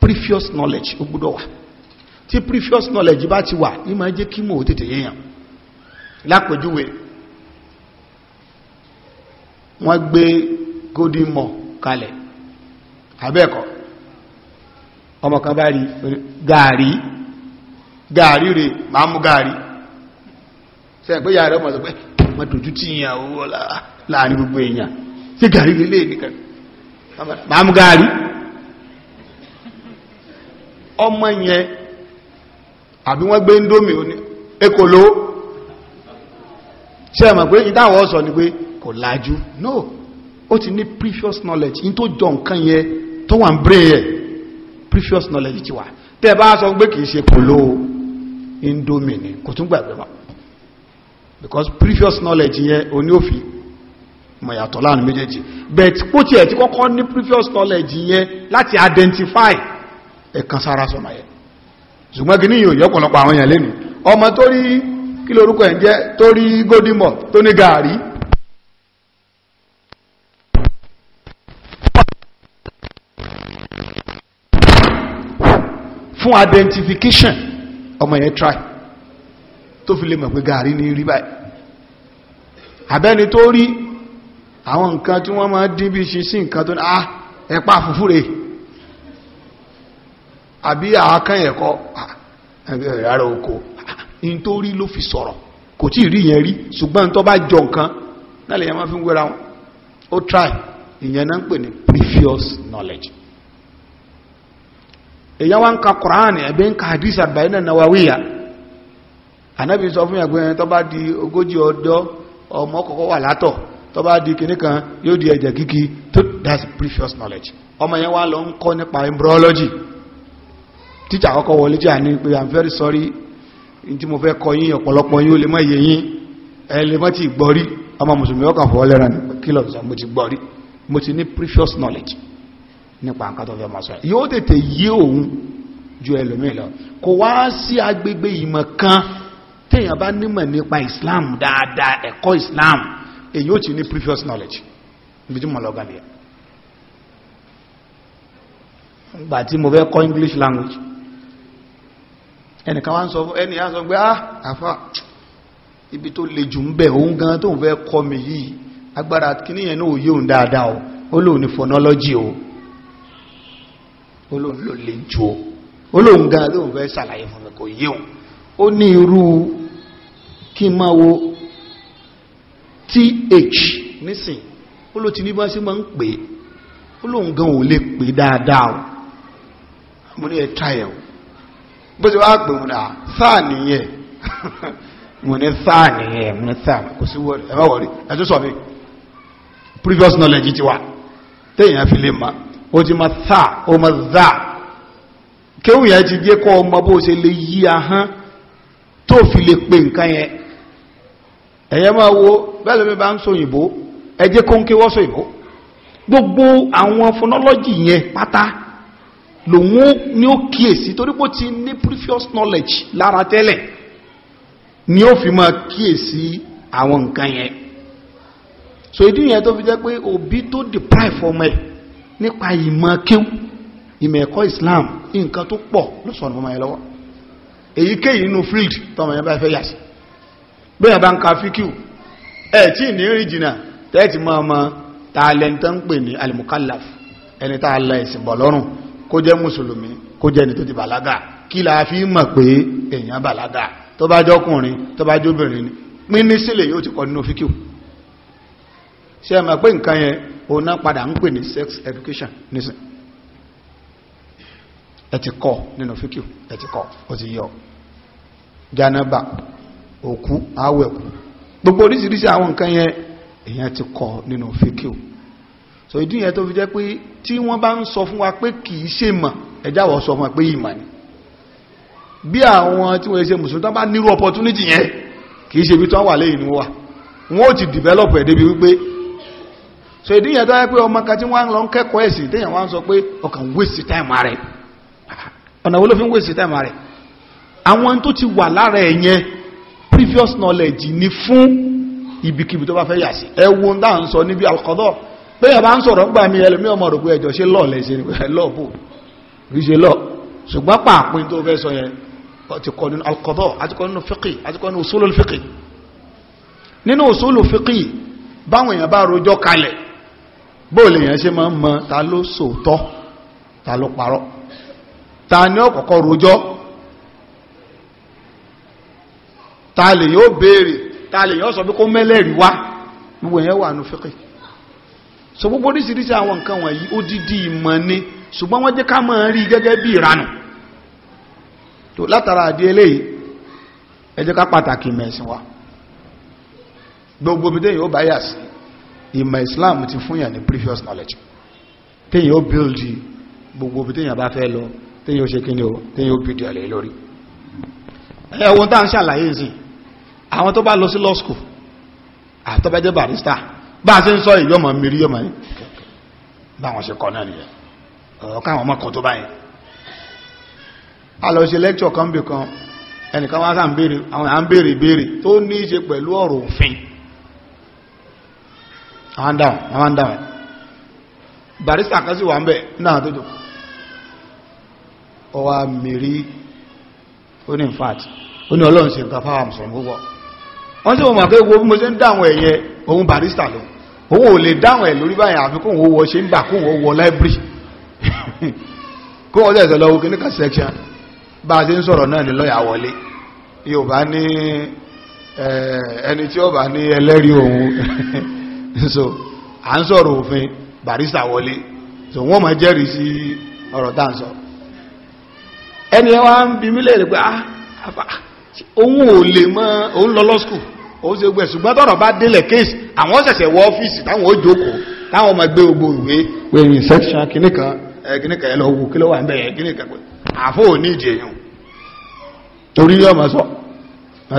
previous knowledge ó gbọ́dọ̀ wà tí previous knowledge bá ti wà ní máa jẹ́ kí mò ó tètè yéèyàn lápèjúwe wọ́n gbé golden mall kalẹ̀ abẹ́ẹ̀kọ́ ọmọ kan bá rí gààrí gààrí rẹ̀ máa mú gààrí sẹ́yìn pé yàrá ọmọ sọ pé mọ́ tí ìyàn owó láàrin gbogbo èèyàn sí gààrí lélé nìkan máa mú ọmọ yẹn àbí wọ́n gbé no ó ti ní previous knowledge in tó jọ nǹkan yẹn tó wà ń brain yẹn previous knowledge ti wà tẹ́ ẹ bá sọ pé kì í ṣe polo indomie ni kò tún gbàgbé mọ́ because previous knowledge yẹn o ní òfin mọ̀ yàtọ̀ láàrin méjèèjì but kó tiẹ̀ ti kọ́kọ́ ní previous knowledge yẹn láti identify ẹ̀kan sára sọmọ yẹn ṣùgbọ́n kì ní yóò yọ ọ̀pọ̀lọpọ̀ àwọn èèyàn lẹ́nu ọmọ tó rí kí lórúkọ ẹ̀ jẹ́ tó rí gódìmọ̀ tó ní gàárì fún identification ọmọ yẹn try tó fi lè mọ̀ pé gàrí ní rí báyìí àbẹ́ni tó rí àwọn nǹkan tí wọ́n máa dín bí ṣe sí nǹkan tó ní ah ẹ̀pá fúfú ah, rẹ̀ àbí àákán ẹ̀kọ́ rárá oko in tó rí ló fi sọ̀rọ̀ kò tí rí yẹn rí ṣùgbọ́n tó bá jọ nǹkan náà lè yẹn máa fi wéra wọn ó try ìyẹn náà ń pè ní previous knowledge èyàn wá ń ka Kùránì ẹ̀bí ń ka hadith àbáyínà nawawiya anábì sọ fún ẹgbẹ́ tó bá di ogójì ọjọ́ ọmọ kọ̀kọ́ wà látọ̀ tó bá di kìíní kan yóò di ẹ̀jẹ̀ kíkí tó that's previous knowledge ọmọ yẹn wá lọ ń kọ́ nípa embryology tíjà kọ́kọ́ wọlé tí a pé i'm very sorry tí mo fẹ́ kọ yín ọ̀pọ̀lọpọ̀ yín ó lè mọ́ iye yín ẹ lè mọ́ ti gbọ́rí ọmọ mùsùlùmí ọkàn fọwọ́ lẹ́ràn kí lọ́sàn mo ti gbọ́rí mo ti ní previous knowledge nípa nǹkan tó fẹ́ mọ̀ sọ yóò tètè yé òun ju ẹlòmíì lọ kò wá sí agbègbè ìmọ̀ kan téèyàn bá nímọ̀ nípa Islam dáadáa ẹ̀kọ́ Islam èyí ò ti ní previous knowledge ibi tí mo lọ gan gbà tí mo fẹ́ kọ́ English language ẹnìkan wá ń sọ fún ẹni á sọ pé ah àfa ibi tó le jù ń bẹ̀ òun gan tó ń fẹ́ kọ́ mi yìí agbára kìíní yẹn náà ò òun dáadáa ó lóun ní phonology o olóhùn ló lè jù ó olóhùn gan lóhùn fẹ́ ṣàlàyé fún mi kò yé òun ó ní irú kí n wo th nísìn ó ló ti ní bá sí máa ń pè é olóhùn gan ò lè pè dáadáa o mo ní ẹ tra ẹ o bó ti wá pè wọn náà sáà nìyẹn (laughs) mo ní sáà nìyẹn mo ní sáà kò sí wọlé ẹ má wọlé ẹ tó sọ mi previous knowledge ti wà téèyàn fi lè máa ó ti ma tha ó ma tha kéwù yẹn ti jẹ́ kọ́ ọmọ bó ṣe lè yí ahán tó fi lè pe nǹkan yẹn ẹ̀yẹ́ máa wo bẹ́ẹ̀ lómi bá ń sọ òyìnbó ẹ jẹ́ kó ń kéwọ́ sọ òyìnbó gbogbo àwọn phonology yẹn pátá lòun ni ó kíyèsí torí pé ti ní previous knowledge lára tẹ́lẹ̀ ni ó fi máa kíyèsí àwọn nǹkan yẹn so ìdí yẹn tó fi jẹ́ pé òbí tó deprive ọmọ ẹ̀ nípa ìmọ̀ kéwú ìmọ̀ ẹ̀kọ́ Islam nǹkan tó pọ̀ ló sọ̀nà ọmọ ẹ lọ́wọ́ èyíkéyìí inú field tọmọ yẹn bá fẹ́ yà sí bẹ́ẹ̀ bá ń ka fíkìú ẹ̀ tí ní rí jìnà tẹ́ẹ̀tì máa ma tààlẹ́ntà ń pè ní alimukallaf ẹni tàà la ẹ̀sìn bọ̀ lọ́rùn kó jẹ́ mùsùlùmí kó jẹ́ ẹni tó ti bàlágà kí la fi mọ̀ pé èèyàn bàlágà tó bá jọkùnrin tó bá jóbìnrin ní sílẹ̀ yóò ti kọ́ nínú fíkìú ṣe pé nǹkan yẹn òun náà padà ń pè ní sex education nísìn ẹ ti kọ́ nínú fíkì ẹ ti kọ́ ó ti yọ janaba òkú awẹ̀kú gbogbo oríṣiríṣi àwọn nǹkan yẹn èèyàn ti kọ́ nínú fíkì so ìdí yẹn tó fi jẹ́ pé tí wọ́n bá ń sọ fún wa pé kì í ṣe mọ̀ ẹjá wọ́n sọ fún wa pé ìmọ̀ ni bí àwọn tí wọ́n ṣe mùsùlùmí tó bá nírú opportunity yẹn kì ṣe ibi tó wà lẹ́yìn ni wọ́n ó ti develop ẹ̀ débi wípé so ìdí yẹn tó yẹ pé ọmọ kan tí wọ́n lọ ń kẹ́kọ̀ọ́ ẹ̀sìn téèyàn wá ń sọ pé ọkàn waste time rẹ̀ ọ̀nà wo ló fi ń waste time rẹ̀ àwọn tó ti wà lára ẹ̀ previous knowledge ni fún ibikíbi tó bá fẹ́ yà sí ẹ wo ń dá ń sọ níbi alkọ́dọ̀ pé ẹ̀ bá ń sọ̀rọ̀ gbà mí ẹlòmí ọmọ rògbò ẹjọ́ ṣe lọ́ọ̀ lẹ́sẹ̀ ni lọ́ọ̀ bò rí ṣe lọ́ọ̀ ṣùgbọ́n pàápín tó fẹ́ sọ yẹn ti kọ nínú alkọ́dọ̀ àti kọ nínú fíkì àti kọ nínú usulul fíkì nínú usulul fíkì báwọn èèyàn bá rojọ́ kalẹ̀ bóòlù èèyàn ṣe máa ń mọ ta ló sòótọ́ ta ló parọ́ ta ní ọ̀kọ̀kọ́ rojọ́ ta lè yóò béèrè ta lè yóò sọ pé kó mẹ́lẹ̀rìí wá gbogbo èèyàn wà nù fíkì so gbogbo oríṣiríṣi àwọn nǹkan wọ̀nyí ó dídí ìmọ̀ ni ṣùgbọ́n wọ́n jẹ́ ká máa rí gẹ́gẹ́ bí ìranù tó látara àdí eléyìí ẹ ká pàtàkì mẹ̀sìn wa gbogbo omi tẹ́yìn ó sí ìmọ̀ islam ti fún yàn ní previous knowledge téyàn ó build gbogbo bí téyàn bá fẹ́ lọ téyàn ó ṣe kí ni ó téyàn ó build ẹ̀lẹ́ lórí ẹ̀wọ̀n tá ń ṣàlàyé sí àwọn tó bá lọ sí law school àtọ́bẹ́jẹ́ barista bá a ṣe ń sọ ìyọ́mọ̀ mìírí yọ́mọ̀ yìí báwọn ṣe kọ́ náà nìyẹn ọ̀rọ̀ káwọn ọmọ kan tó a lọ lecture kan bì kan ẹnìkan wá sáà ń béèrè àwọn à ń béèrè àwọn dáwọn barista kan sí wà ń bẹ̀ náà tó jù ó mìírí ó ní fat ó ní ọlọ́run sí nǹkan fáwọn mùsùlùmí púpọ̀ wọ́n bí mo ṣe ń dáwọn ẹ̀yẹ barista lòun òun ò lè dáwọn ẹ̀ lórí báyìí àfi kóhun ṣe ń library (laughs) section a (laughs) (laughs) so a ń sọ̀rọ̀ òfin barista so wọ́n ma jẹ́rìí sí ọ̀rọ̀ tá ẹni ń pé ah òun ò lè mọ òun lọ lọ skul ṣe gbẹ ṣùgbọ́n tọ̀rọ̀ bá délẹ̀ kéèsì àwọn ṣẹ̀ṣẹ̀ wọ ọ́fíìsì táwọn ó jókòó táwọn ọmọ ẹgbẹ́ gbogbo ìwé pé kìnnìkan kìnnìkan ń kìnnìkan pé ní torí sọ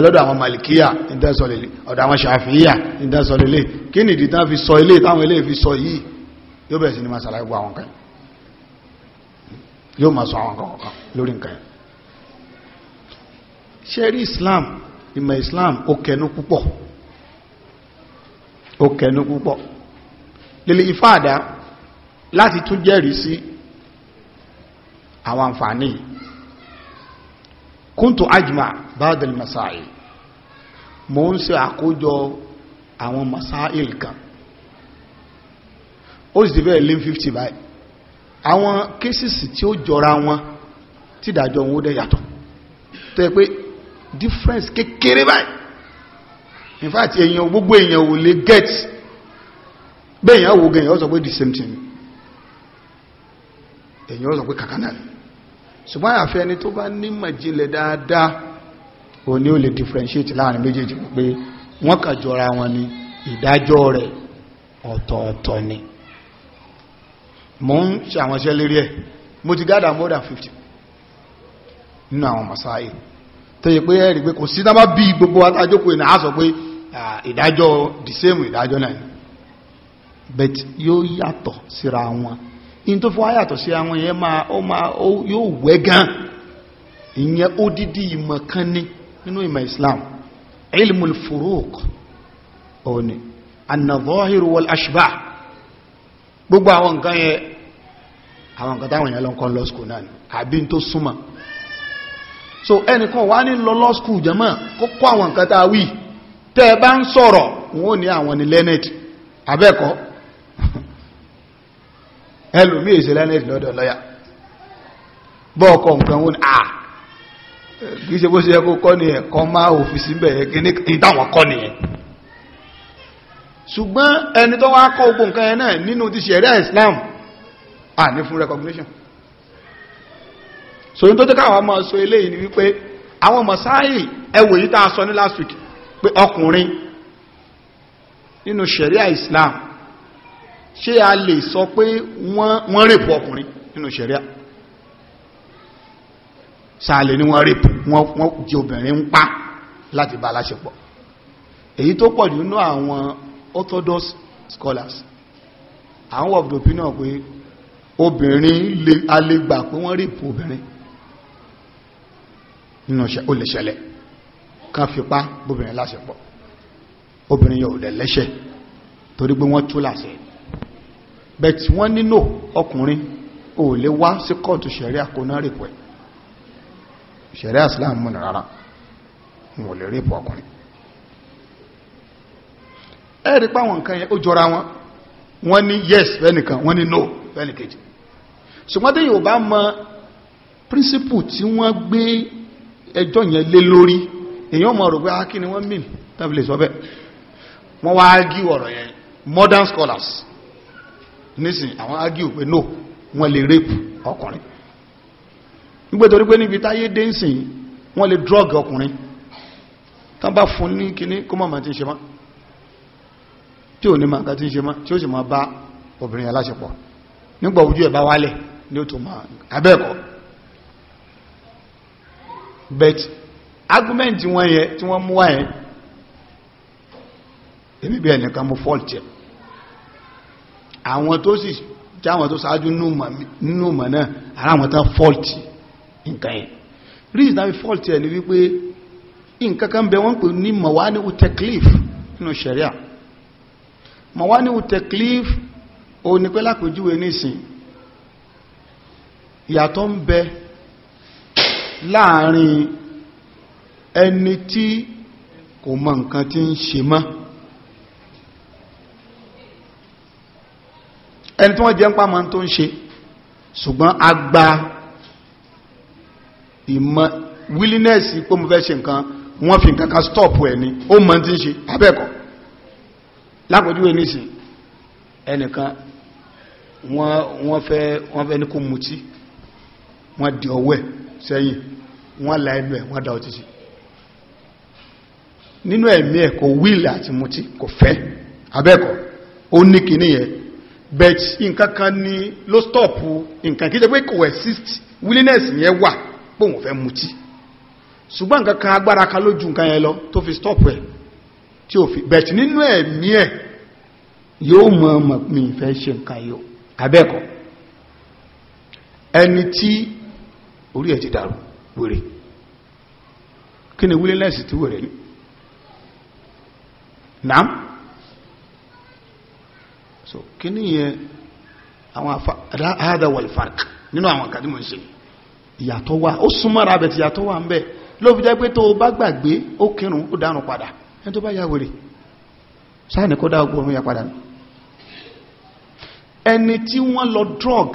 lọ́dọ̀ àwọn malikiya ìtẹ́sọ̀lélé ọ̀dọ̀ àwọn ṣàfihíyà ìtẹ́sọ̀lélé kí ni ìdí tán fi sọ ilé táwọn ilé fi sọ yìí yóò bẹ̀rẹ̀ sí ni máa sàlàyé gbọ́ àwọn kan yóò máa sọ àwọn kan lórí nǹkan ṣe rí Islam ìmọ̀ Islam ó kẹnu púpọ̀ ó kẹnu púpọ̀ lílé ìfáàdá láti tún jẹ́rìí sí àwọn àǹfààní kúntù ajma ba'da al-masail mo ń ṣe àkójọ àwọn masail kan ó sì bẹ́ẹ̀ lé 50 báyìí àwọn kéṣìsì tí ó jọra wọn tí ìdájọ́ wọn ó dẹ̀ yàtọ̀ tó pé difference kékeré báyìí in fact èèyàn gbogbo èèyàn ò lè get bẹ́ẹ̀ èèyàn wò gan èèyàn ó sọ pé the same thing èèyàn ó sọ pé kàkánà ni ṣùgbọ́n àyàfi ẹni tó bá nímọ̀ jinlẹ̀ dáadáa o ní o lè differentiate láàrin méjèèjì pé wọ́n kà jọra wọn ni ìdájọ́ rẹ̀ ọ̀tọ̀ọ̀tọ̀ ni mo ń ṣe àwọn iṣẹ́ lérí ẹ̀ mo ti gádà more than 50 nínú àwọn masáyé tó yẹ pé ìdájọ́ the same ìdájọ́ náà bet yóò yàtọ̀ síra wọn in tó fún ayàtọ̀ sí àwọn èèyàn máa ó máa yóò wẹ́ gan ìyẹn ó dídí ìmọ̀ kan ní nínú ìmọ̀ Islam ilmul furuq òní anadọ́hìrù wal ashbah gbogbo àwọn nǹkan yẹn àwọn nǹkan táwọn èèyàn lọ ń kọ́ law school náà ni àbí tó so ẹnìkan wà ní lọ law school jẹ́mọ́ kó kọ́ àwọn nǹkan soro a awọn tẹ́ ẹ bá ń sọ̀rọ̀ wọn ò ní àwọn abẹ́kọ̀ọ́ ẹlòmí èsì lẹ́nẹ̀tì lọ́dọ̀ lọ́yà bọ́ọ̀kọ̀ nǹkan wọn à kìí ṣe bó ṣe yẹ kó kọ́ ni ẹ̀kọ́ máa òfìsí bẹ̀yẹ kíní ìdáwọn kọ́ nìyẹn ṣùgbọ́n ẹni tó wá kọ́ Islam à ní fún recognition so ní tó tẹ́ka àwọn máa sọ eléyìí last week pé ọkùnrin nínú ṣẹ̀rẹ́ Islam ṣé a lè sọ pé wọ́n rèpù ọkùnrin nínú ṣẹ̀ríà sàálẹ̀ ni wọ́n rèpù wọ́n jẹ obìnrin ń pa láti bá aláṣepọ̀ èyí tó pọ̀ nínú àwọn orthodox scholars àwọn of the opinion pé obìnrin a lè gbà pé wọ́n rèpù obìnrin nínú ó lè ṣẹlẹ̀ kan fipá bóbìnrin láṣepọ̀ obìnrin yóò dẹ̀ lẹ́ṣẹ̀ torí pé wọ́n tú láṣẹ but wọ́n nínú ọkùnrin ò lè wá sí kọ́ọ̀tù ṣẹ̀rí àkónárì pẹ̀ ṣẹ̀rí islam múnà rárá wọn ò lè rí ipò ọkùnrin ẹ̀rí páwọn nǹkan yẹn ó jọra wọn wọ́n ní yes fẹ́nìkan wọ́n ní no fẹ́nìkejì ṣùgbọ́n tí yóò bá mọ príncipù tí wọ́n gbé ẹjọ́ yẹn lé lórí èyàn mọ̀ rò pé ah, wọ́n mìn tàbí sọ bẹ́ẹ̀ wọ́n wá gí ọ̀rọ̀ yẹn modern scholars nísìn àwọn ágíò pé no wọ́n lè rape ọkùnrin nígbẹ̀tọ̀rí pé níbi táyé dé ìsìn wọ́n lè drug ọkùnrin tán bá fún ní kíní kó mọ̀ tí ń ṣe má tí ò ma tí ń ṣe má tí ó sì ma bá obìnrin aláṣepọ̀ nígbà ojú ẹ̀ bá wálẹ̀ ní ó tó ma abẹ́ẹ̀kọ́ but argument wọ́n yẹ tí wọ́n mú wáyẹ èmi bí ẹnìkan àwọn tó sì tí àwọn tó sáájú nínú mọ̀ náà ara àwọn tán fọ́ọ̀tì nǹkan yẹn reason tàbí fọ́ọ̀tì ẹ̀ ni wípé nǹkan kan bẹ wọ́n pè ní mọ̀wání uteklif nínú sharia mọ̀wání uteklif o ní pé lápèjúwe nísìn ìyàtọ̀ ń bẹ láàrin ẹni tí kò mọ̀ nǹkan tí ń ṣe mọ́ ẹni tí wọ́n jẹ́ ń pa mọ́ tó ń ṣe ṣùgbọ́n a gba ìmọ̀ willingness pé mo fẹ́ ṣe nǹkan wọ́n fi nǹkan kan stop ẹ̀ ni ó mọ́ tí ń ṣe abẹ́ẹ̀kọ́ lápòjúwe nísìn ẹnìkan wọ́n fẹ́ wọ́n fẹ́ ní kó mutí wọ́n di ọwọ́ ẹ̀ sẹ́yìn wọ́n la ẹnu ẹ̀ wọ́n da ọtí sí nínú ẹ̀mí ẹ̀ kò wíìlì àti mutí kò fẹ́ abẹ́ẹ̀kọ́ ó ní kìíní yẹn but nǹkan kan ni ló stop nǹkan kí jẹ́ pé kò exist willingness yẹn wà pé òun fẹ́ mutí ṣùgbọ́n nǹkan kan agbára kan ló ju nǹkan yẹn lọ tó fi stop ẹ̀ tí ò fi but nínú ẹ̀mí ẹ̀ yóò mọ̀ mọ̀ mi fẹ́ ṣe nǹkan yóò abẹ́ẹ̀kọ́ ẹni tí orí ẹ̀ ti dàrú wèrè kí ni willingness ti wèrè ní so kini ni yẹn àwọn àdá wàlfàk nínú àwọn kàdí mọ̀ ń ṣe ìyàtọ̀ wà ó súnmọ́ra abẹ̀ tí ìyàtọ̀ wà ń bẹ̀ ló fi jẹ́ pé tó bá gbàgbé ó kírun ó dánù padà ẹni tó bá ya wèrè sáà ní kó dá ogun orun ya padà ẹni tí wọ́n lọ drug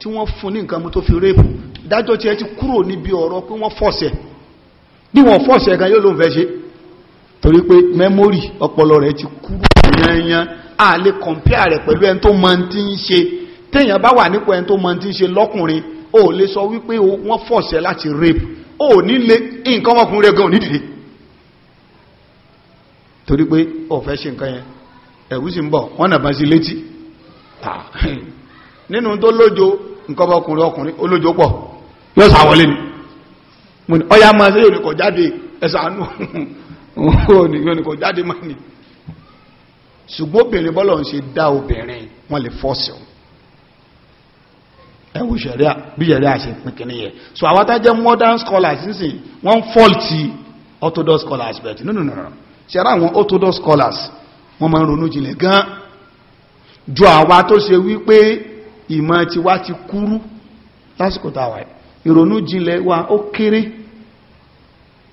tí wọ́n fún ní nǹkan mú tó fi rape dájọ́ tí ẹ ti kúrò níbi ọ̀rọ̀ pé wọ́n fọ́ọ̀sẹ̀ bí wọ́n fọ́ọ̀sẹ̀ gan yóò ló fẹ́ ṣe torí pé mẹ́mórì ọpọlọ rẹ̀ ti kúrò yányán a lè compare rẹ̀ pẹ̀lú ẹni tó mọ ti ń ṣe téèyàn bá wà nípò ẹni tó mọ ti ń ṣe lọ́kùnrin o lè sọ wípé wọ́n fọ̀ṣẹ́ láti rape o ní lè nǹkan ọmọkùnrin rẹ̀ gan nídìí torí pé o fẹ́ ṣe nǹkan yẹn ẹ̀wú sì ń bọ̀ wọ́n nà bá sí létí nínú tó lójo nǹkan ọkùnrin ọkùnrin olójo pọ̀ yóò sàwọlé ni mo ní ọya máa ṣe yóò ní kọ̀ jáde ẹ̀sà àánú òní (laughs) yóò ní kọ̀ jáde máa ní ṣùgbọ́n obìnrin bọ́lọ̀ ń ṣe dá obìnrin wọ́n lè fọ́ọ̀sì ẹwù ṣẹ̀ríà bí ṣẹ̀ríà ṣe pín kìíní yẹ so àwọn atájẹ́ modern scholars nísìn wọ́n fọ́ọ̀tì orthodox scholars bẹ̀rẹ̀ nínú nìran ṣẹ̀rá àwọn orthodox scholars wọ́n máa ń ronú jinlẹ̀ gan ju àwa tó ṣe wípé ìmọ̀ tiwa ti kúrú lásìkò táwa ìrònú jinlẹ̀ wa ó kéré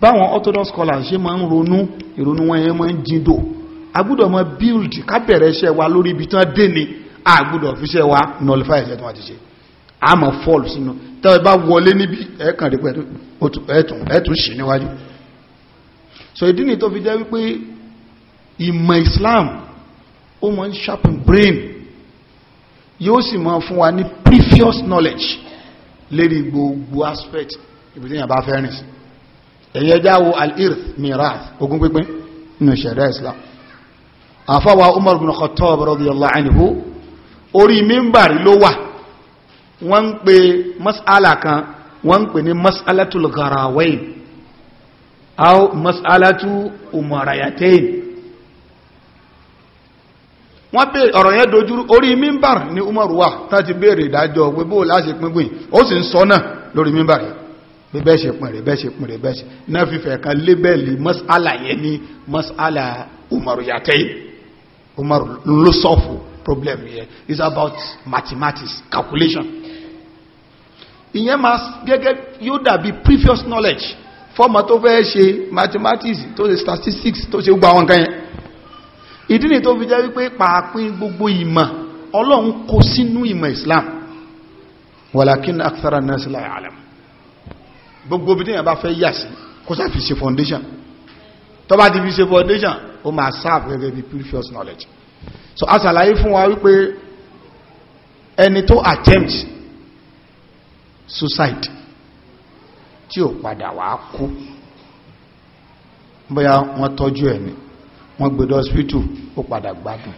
báwọn orthodox scholars ṣe máa ń ronú ìrònú wọn yẹn máa ń jindò agbúdọ̀ mọ build ká iṣẹ́ wa lórí ibi tán dé ni agbúdọ̀ fi iṣẹ́ wa nullify iṣẹ́ tó wọ́n ti ṣe a mọ̀ fall sínú tẹ́wọ́ bá wọlé níbi ẹ̀kàn rí pẹ̀lú ẹ̀tún sí níwájú so ìdí ni tó fi jẹ́ wípé ìmọ̀ Islam ó mọ̀ ń sharpen brain yóò sì mọ̀ fún wa ní previous knowledge lérí gbogbo aspect ibi tí yàn bá fẹ́ rìn sí ẹ̀yẹ́jáwo al-irth mirath ogún pínpín nínú ṣẹ̀dá Islam àfáwà Umar bin Khattab radiyallahu anhu orí mímbàrí ló wà wọ́n ń pè mas'ala kan wọ́n ń pè ní mas'alatul garawain aw mas'alatu umarayatain wọ́n bèèrè ọ̀rọ̀ yẹn dojú orí mímbàrí ní Umar wà tàbí béèrè ìdájọ́ gbogbo láti pínpín ó sì ń sọ náà lórí mímbàrí bí pín rẹ̀ bẹ́ẹ̀ pín rẹ̀ bẹ́ẹ̀ náà fífẹ̀ kan lébẹ̀lì mas'ala yẹn ní mas'ala umaruyatayn Umar ló solve problem here. It's about mathematics calculation ìyẹn máa gẹ́gẹ́ yóò dàbí previous knowledge fọ́mọ tó fẹ́ ṣe mathematics tó ṣe statistics tó ṣe gbogbo àwọn nǹkan yẹn ìdí ni tó fi jẹ́ wípé pàápín gbogbo ìmọ̀ ọlọ́run kó sínú ìmọ̀ Islam walakin akthara an-nas la ya'lam gbogbo bí tí bá fẹ́ yà sí kó sáfi ṣe foundation tó bá ti fi ṣe foundation ó máa serve gẹ́gẹ́ bí previous knowledge so a ṣàlàyé fún wa wípé ẹni tó attempt suicide tí ò padà wá kú bóyá wọ́n tọ́jú ẹni wọ́n gbé dé hospital ó padà gbádùn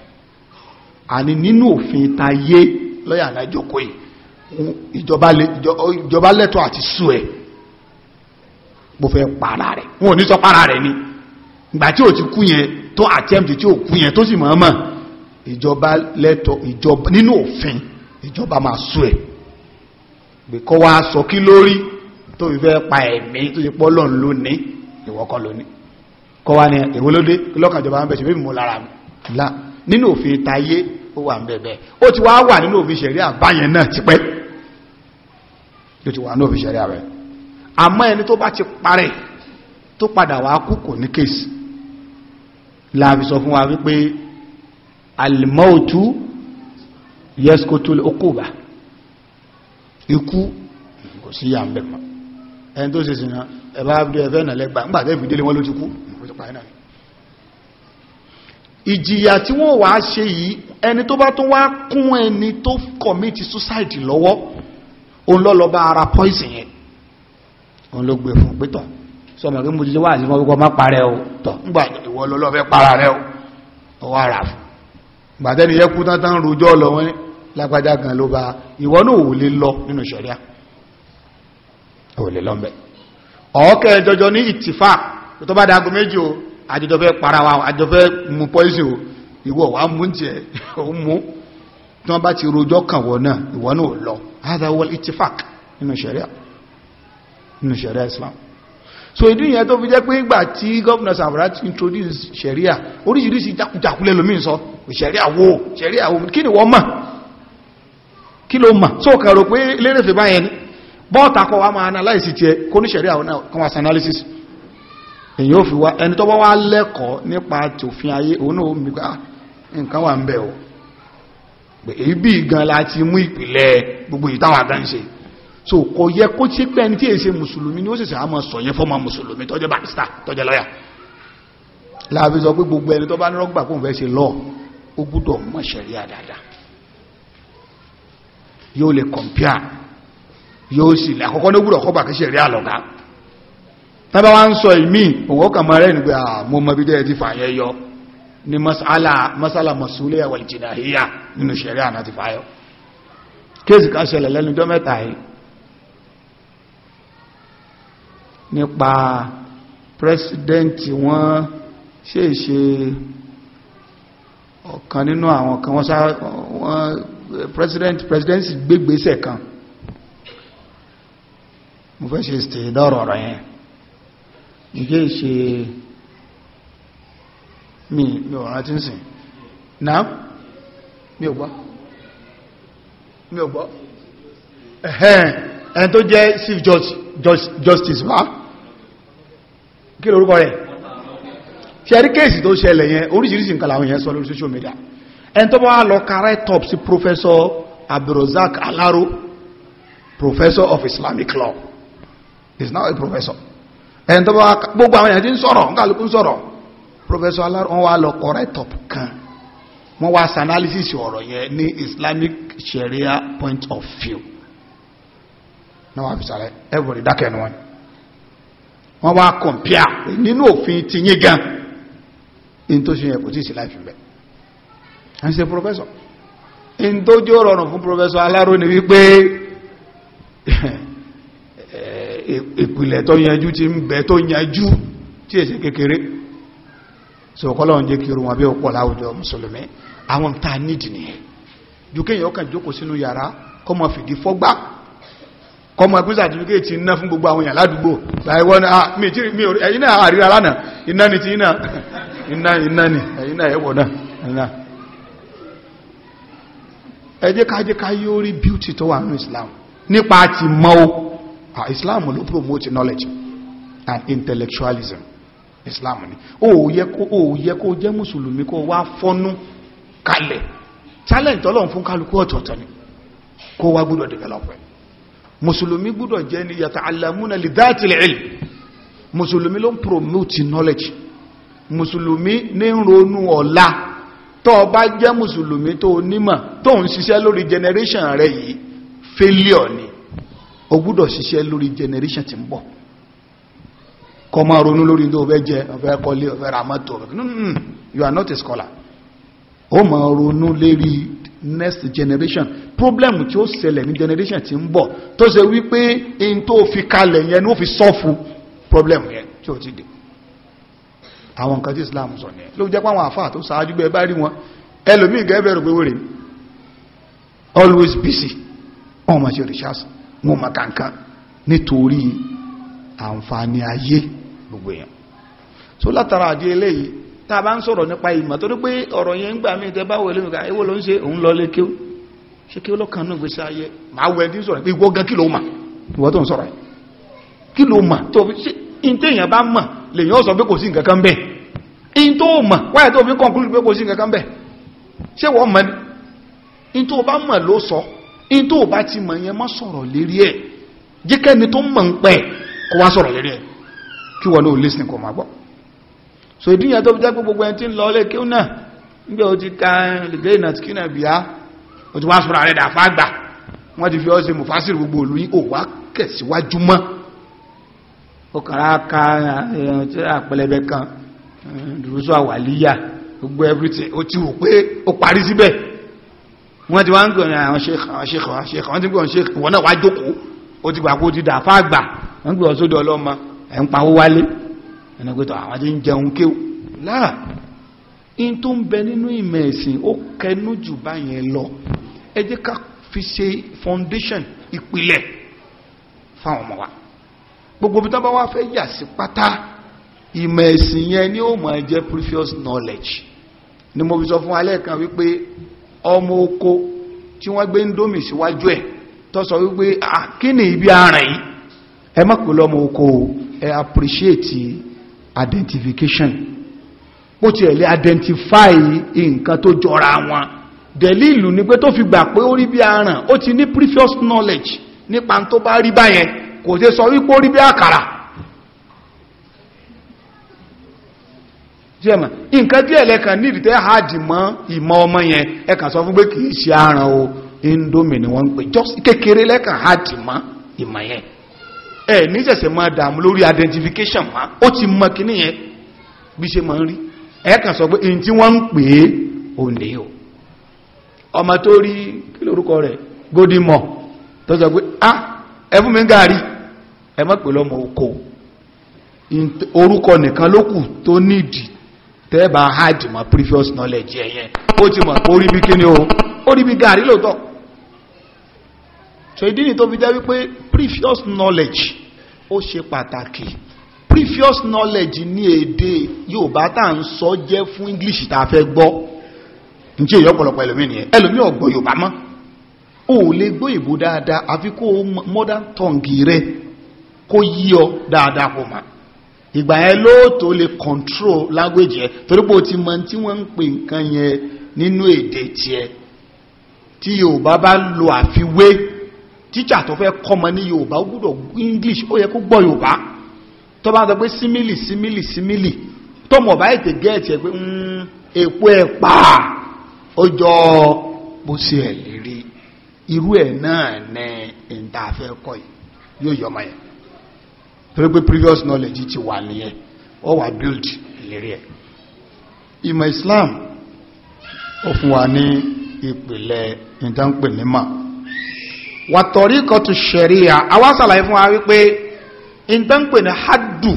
àní nínú òfin tayé lọ́yà alájókòó ìjọba lẹ́tọ̀ọ́ àti sú ẹ̀ bó fẹ́ para rẹ̀ wọn ní sọ para rẹ̀ ni ìgbà tí ò ti kú yẹn tó attempt tí ò kú yẹn tó sì mọ̀ọ́mọ̀ ìjọba lẹ́tọ̀ ìjọba nínú òfin ìjọba máa sú ẹ̀ pé kọ́ wá sọ kí lórí tó fi fẹ́ pa ẹ̀mí tó ti pọ́ lọ́n lónìí ìwọ́kọ́ lónìí kọ́ wá ní èwo lóde lọ́kàn ìjọba ń bẹ̀ ṣe bí mo lára mi là nínú òfin àmọ́ ẹni tó bá ti parẹ́ tó padà wá kú ní kéèsì láàbí sọ fún wa wípé almautu yẹ́skótólè okóbà ikú kò sí yà ń bẹ̀ mọ́ ẹni tó sèsì náà ẹ̀bá abdé ẹ̀fẹ́ nà lẹ́gbà ń gbàtẹ́ ìfìdílé wọn ló ti kú ìjìyà tí wọ́n wá ṣe yìí ẹni tó bá tún wá kún ẹni tó kọ̀mítì suicide lọ́wọ́ òun lọ́ bá ara poison yẹn òun ló gbé fún pétọ̀ sọmọ kí mo jíjẹ wà ní wọn wípé ọmọ parẹ́ o tọ̀ ń gbà ìwọ lọ́lọ́ fẹ́ para rẹ ọwọ́ ara fún gbàtẹ́ni yẹ kú tán tán rojọ́ lọ wọ́n lágbájá kan ló bá ìwọ náà ò lè lọ nínú ṣẹ̀ríà ò lè ọ̀ọ́kẹ́ jọjọ ní ìtìfà tó bá dáago méjì àjọjọ fẹ́ para wa àjọjọ fẹ́ mú pọ́ìsì o ìwọ wa mú tiẹ̀ (laughs) ó mú tí wọ́n bá Islam so ìdí ìyẹn tó fi jẹ́ pé ìgbà tí gọ́ọ̀nà Sàbàrà ti introduce ṣẹ̀ríà oríṣiríṣi jákújákulẹ̀ lómi sọ ṣẹ̀ríà wo ṣẹ̀ríà wo kí ni wọ́n mọ̀ kí ló so kẹrò pé lérèfè báyẹn ni bọ́ọ̀ta kọ wa máa analysis ẹ kó ní kan wá analysis èyí fi wá ẹni tó wá lẹ́kọ̀ọ́ nípa tòfin ayé òun náà ah, wà ń bẹ̀ o mú ìpìlẹ̀ gbogbo ìtawà so kò yẹ kó ṣe pé ẹni tí èsè mùsùlùmí ni ó ṣẹ̀ṣẹ̀ àmọ́ sọ yẹn fọ́mọ mùsùlùmí tó jẹ́ barista tó jẹ́ lọ́yà láàbí sọ pé gbogbo ẹni tó bá nírọ́gbà kó ń fẹ́ ṣe lọ ó gbúdọ̀ mọ̀ ṣẹ̀ríà dáadáa yóò lè kọ̀mpíà yóò sì lè àkọ́kọ́ ní gbúdọ̀ kọ́bà kí ṣẹ̀ríà lọ́gá tábà wá ń sọ ìmí òun ọkàn mọ́ rẹ̀ nígbà mo mọ bídẹ́ ti fààyẹ yọ ní masala masulẹ̀ wal jinahiyya nínú ṣẹ̀ríà náà ti fààyọ kéèsì kan ṣẹlẹ̀ lẹ́nu dọ́mẹ́ta yìí nípa pírẹsidẹ́ǹtì wọ́n ṣèṣe ọ̀kan nínú àwọn kan wọ́n sá wọ́n president presidency gbégbésẹ̀ kan mo fẹ́ ṣe ìsìtìdọ́rọ̀ ọ̀rọ̀ yẹn ìgbé ìṣe mi mi ọ̀rọ̀ tí ń sìn náà mi ò gbọ́ mi ò gbọ́ ẹ̀hẹ́n ẹni tó jẹ́ chief justice wá kí lórúkọ rẹ̀ ṣẹ́rí kéèsì tó ṣẹlẹ̀ yẹn oríṣiríṣi nǹkan làwọn yẹn sọ lórí social media ẹni tó bá wá lọ ka right sí professor abdulrozak alaro professor of islamic law is now a professor ẹni tó bá wá gbogbo àwọn èèyàn ti ń sọ̀rọ̀ nkàlùkù ń sọ̀rọ̀ professor alaro wọ́n wá lọ kọ right up kan wọ́n wá sanalysis ọ̀rọ̀ yẹn ní islamic sharia point of view náà wà fi sàlẹ̀ everybody dákẹ́ ẹnu wọn wọ́n wá kọ̀mpíà nínú òfin ti yín gan in tó ṣe yẹn kò tí ì sí láìfin bẹ́ẹ̀ à ń ṣe pọfẹ́sọ̀ in tó jẹ́ rọrùn fún pọfẹ́sọ̀ aláró ni wípé (laughs) ìpìlẹ̀ tó yanjú ti ń bẹ tó yanjú tí èsì kékeré sọ̀kọ́lọ̀ ń jẹ́ kí irun wọn bí láwùjọ mùsùlùmí àwọn tá nídìí nìyẹn ju kéèyàn kàn jókòó sínú yàrá kó fìdí fọ́gbá kọmọ ẹkùn sàtífíkèètì iná fún gbogbo àwọn èèyàn àríra ah, lánàá iná ni ti (laughs) iná iná ni iná ẹ̀wọ̀ náà ẹjẹ́ kájẹ́ ká yóò rí beauty tó wà ní Islam nípa ti mọ́ Islam ló promote knowledge and intellectualism Islam ni ó yẹ kó jẹ́ musulumi kó wá fọ́nú kalẹ̀ talent ọlọ́run fún kálukú ọ̀tọ̀ọ̀tọ̀ ni kó wá mùsùlùmí gbúdọ̀ jẹ́ ni yata'allamuna li dhatil ilm mùsùlùmí ló ń promote knowledge mùsùlùmí ní ronú ọ̀la tó bá jẹ́ mùsùlùmí tó onímọ̀ tó ń ṣiṣẹ́ lórí generation rẹ̀ yìí failure ni o gbúdọ̀ ṣiṣẹ́ lórí generation tí ń bọ̀ kó máa ronú lórí tó fẹ́ jẹ ó fẹ́ kọ́lé ó you are not a scholar next generation problem tí ó ṣẹlẹ̀ ní generation tí ń bọ̀ tó ṣe wípé in tó fi kalẹ̀ yẹn ni ó fi sọ́fù problem yẹn tí ó ti dé àwọn nǹkan tí Islam sọ yẹn ló jẹ́ pàwọn àfáà tó ṣáájú bẹ́ẹ̀ bá rí wọn ẹlòmíì gẹ́gẹ́ rẹ̀ pé wèrè always busy wọn máa ṣe research wọn máa kankan nítorí àǹfààní ayé gbogbo yẹn so látara àdí eléyìí tá a bá ń sọ̀rọ̀ nípa ìmọ̀ torí pé ọ̀rọ̀ yẹn ń gbà mí tẹ báwo ẹlẹ́nu ká ewó ló ń ṣe òun lọ lé kéw ṣé kí ọlọ́kan náà gbèsè ayé màá wẹ ní sọ̀rọ̀ pé ìwọ gan kí ló mà ìwọ tó ń sọ̀rọ̀ kí ló mà tó fi ṣe ìtẹ̀yìn bá mọ̀ lèyìn ọ̀sọ̀ pé mọ̀ wáyé tó fi pé kò sí nǹkan kan bẹ́ẹ̀ kí wọ́n ló listen kó máa gbọ́ so ìdíyàn tó jẹ́ gbogbo ẹni tí ń lọ lé kí ó náà nígbà ó ti ka lèdè ìnàtí kí náà bíá ó ti wá sọ́ra rẹ̀ dàfá gbà wọ́n ti fi ọ́ sí mufasiri gbogbo olú yìí ó wá kẹ̀síwájú mọ́ ó kàrá ka àpẹlẹbẹ kan dùrúsọ àwàlíyà gbogbo everything ó ti rò pé ó parí síbẹ̀ wọ́n ti wá ń gbọ̀n àwọn ṣèkọ̀ ṣèkọ̀ wọ́n ti gbọ̀n ṣèkọ̀ wọ́n náà wá jókòó ó ti gbà kó ti dàfá gbà wọ́n gbọ̀n sódò ọlọ́mọ ẹ̀ ń pawó wálé ẹnagbẹ́tọ̀ ah, àwọn tí ń jẹun kéw láà in tó ń bẹ nínú ìmọ̀ ẹ̀sìn ó kẹnu jù báyẹn lọ ẹ ká fi ṣe foundation ìpìlẹ̀ fáwọn ọmọ wa gbogbo bí tábà wá fẹ́ yà sí pátá ìmọ̀ ẹ̀sìn yẹn ni ó máa jẹ́ previous knowledge ni mo fi sọ fún alẹ́ kan wípé ọmọ oko tí wọ́n gbé ń dómì síwájú ẹ̀ tó sọ wípé àkíní ah, ibi ààrẹ yìí ẹ má pè lọ́mọ oko ẹ appreciate identification bó ti ẹ̀lẹ́ identify nǹkan tó jọra wọn dẹ̀lílù ni pé tó fi gbà pé ó rí bí aràn ó ti ní previous knowledge nípa tó bá rí báyẹn kò tẹ́ sọ wípé ó rí bí àkàrà jẹ́mà nǹkan díẹ̀ lẹ́kàn ní ìdítẹ́ hajj mọ́ ìmọ̀ ọmọ yẹn ẹkà sọ fún pé kìí sí aràn o indomie ni wọ́n ń pè just kékeré lẹ́kàn hajj mọ́ ìmọ̀ yẹn ẹ níṣẹ̀ṣẹ̀ máa dààmú lórí identification ma ó ti mọ kí bí ṣe máa ń rí ẹ sọ pé èyí tí wọ́n ń pè é òní o ọmọ tó rí kí lórúkọ rẹ̀ godimọ̀ tó sọ pé ah ẹ mi gàrí ẹ má pè lọ́mọ oko orúkọ nìkan lókù tó tẹ́ẹ̀bà hajj previous knowledge ẹ̀yẹn ó ti mọ̀ bí kí ni o bí previous knowledge ó ṣe pàtàkì previous knowledge ní èdè Yorùbá tá à ń sọ jẹ́ fún English tá a fẹ́ gbọ́ njẹ́ èyí ọ̀pọ̀lọpọ̀ ẹlòmíì nìyẹn ẹlòmíì ò gbọ́ Yorùbá mọ́ o lè gbọ́ ìbò dáadáa àfi kó modern tongue rẹ kó yí ọ dáadáa kó máa ìgbà yẹn lóòótọ́ lè control language yẹn torí pé o ti mọ tí wọ́n ń pè nǹkan yẹn nínú èdè tiẹ̀ tí Yorùbá bá lo àfiwé tíjà tó fẹ́ kọmọ ní yorùbá ó english ó yẹ kó gbọ́ yorùbá tó bá sọ pé símìlì símìlì símìlì tó mọ̀ báyìí tè gẹ́ẹ̀tì ẹ̀ pé hmm, èpo ẹ̀pà ọjọ́ bó ṣe ẹ̀ lérí irú ẹ̀ náà ní ìta fẹ́ kọ́ yóò yọmọ yẹn torí pé previous knowledge ti wà nìyẹn ó wà build lérí ẹ̀ ìmọ̀ islam ó fún wa ní ìpìlẹ̀ ìdánpè nímọ̀ wàtọ̀rí kọtù ṣẹ̀ríà àwa ṣàlàyé fún wa wípé ìtànpẹ̀ ní haddu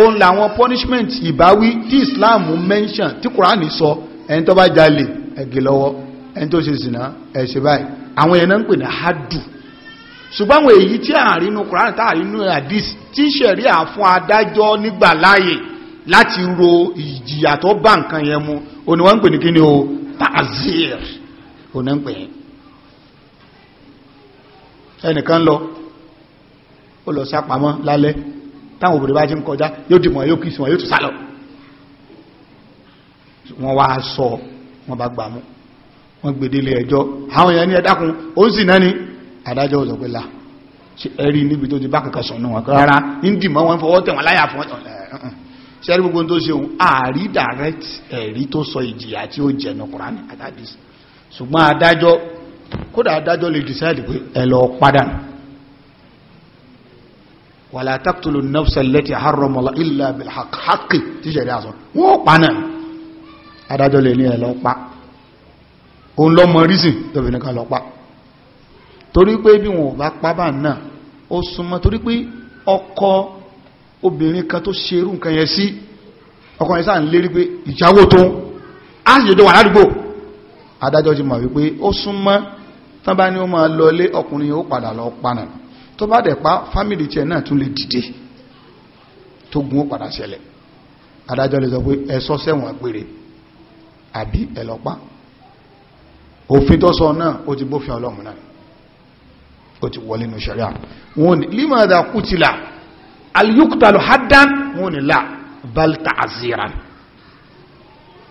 òun làwọn punishment ìbáwí tí islam mention tí quran sọ ẹni tó bá jalè ẹ̀gẹ̀ lọ́wọ́ ẹni tó ṣe sìnà ẹ̀ṣẹ̀ báyìí àwọn ẹ̀nà ń pè ní haddu ṣùgbọ́n àwọn èyí tí àrínú quran tààrínú hadis tí ṣẹ̀ríà fún adájọ́ nígbà láàyè láti ro ìjìyà tó bá nǹkan yẹn mu òun ni wọ́n ń pè ní kí ni o ta'azir òun ń pè yẹn ẹnìkan lọ ó lọ sápamọ́ lálẹ́ táwọn obìnrin bá jí ń kọjá yóò dìmọ̀ yóò kìí sí wọn yóò tún sálọ wọ́n wá sọ wọ́n bá gbà mú wọ́n gbèdélé ẹjọ́ àwọn èèyàn ní ẹ̀dákun ó sì náà adájọ́ òzọ̀ pé la ẹ̀rí níbi tó ti bá kankan sọ̀nà wọn rárá ń dìmọ̀ wọn fọwọ́ tẹ̀ wọn láyà fún ọ̀tọ̀ sẹ́rí gbogbo tó ṣe òun ààrí direct ẹ̀rí tó sọ ìjìyà tí ó jẹ̀nà kùránì àtàdís ṣùgbọ́n adájọ́ kódà adájọ́ lè decide pé ẹ̀lọ padàn wala taqtulu an-nafsa allati harrama Allah illa ṣẹ̀rẹ̀ àṣọ wọ́n pa náà adájọ́ lè ní ẹ̀lọ pa òun lọ mọ rísìn tóbi lọ pa torí pé bí wọn bá náà torí pé ọkọ obìnrin kan tó ṣerú nǹkan yẹn ọkọ yẹn sáà ń lérí pé adájọ́ ti mọ̀ wípé ó súnmọ́ tán bá ní ó máa lọlé ọkùnrin ó padà lọ panà tó bá dẹ̀ pa fámìlì tiẹ̀ náà tún lè dìde tó gun ó padà ṣẹlẹ̀ adájọ́ lè sọ pé ẹ sọ sẹ́wọ̀n gbére àbí ẹ lọ pa òfin tó sọ náà ó ti bófin ọlọ́run náà ó ti wọlé nu ṣẹ̀ríà wọn ni limada kutila aliyukutalu hadan wọn ni la balta azira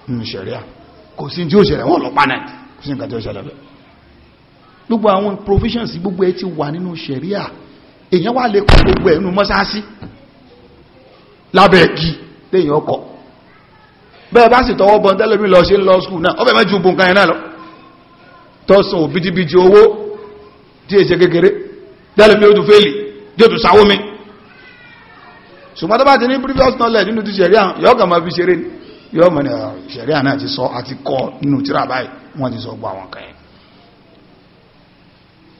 nu ṣẹ̀ríà kò sí tí ó ṣẹlẹ̀ wọ́n lọ pa kò sí nǹkan tí ó ṣẹlẹ̀ lọ gbogbo àwọn provisions gbogbo ẹ ti wà nínú ṣẹ̀ríà èèyàn wà lè kọ gbogbo ẹ̀ nínú mọ́sáàsì lábẹ́ ẹ̀gì téèyàn ọkọ̀ bẹ́ẹ̀ bá sì tọwọ́ bọ́ tẹ́lẹ̀mí lọ ṣe ń lọ skul náà ọbẹ̀ mẹ́jú bùn kan náà lọ tọ́sùn òbítíbitì owó tí èsẹ kékeré tẹ́lẹ̀mí ó tún fẹ́lì tí ó tún sáwó mi ṣùgbọ́n tó bá ti ní previous knowledge nínú ti ṣẹ̀rí àwọn yọ́ọ̀kà fi ṣeré ni yóò mọ̀ ní ah, ṣẹ̀ríà náà ti sọ àti kọ́ nínú tíra báyìí wọ́n ti sọ gbọ́ àwọn kan yẹn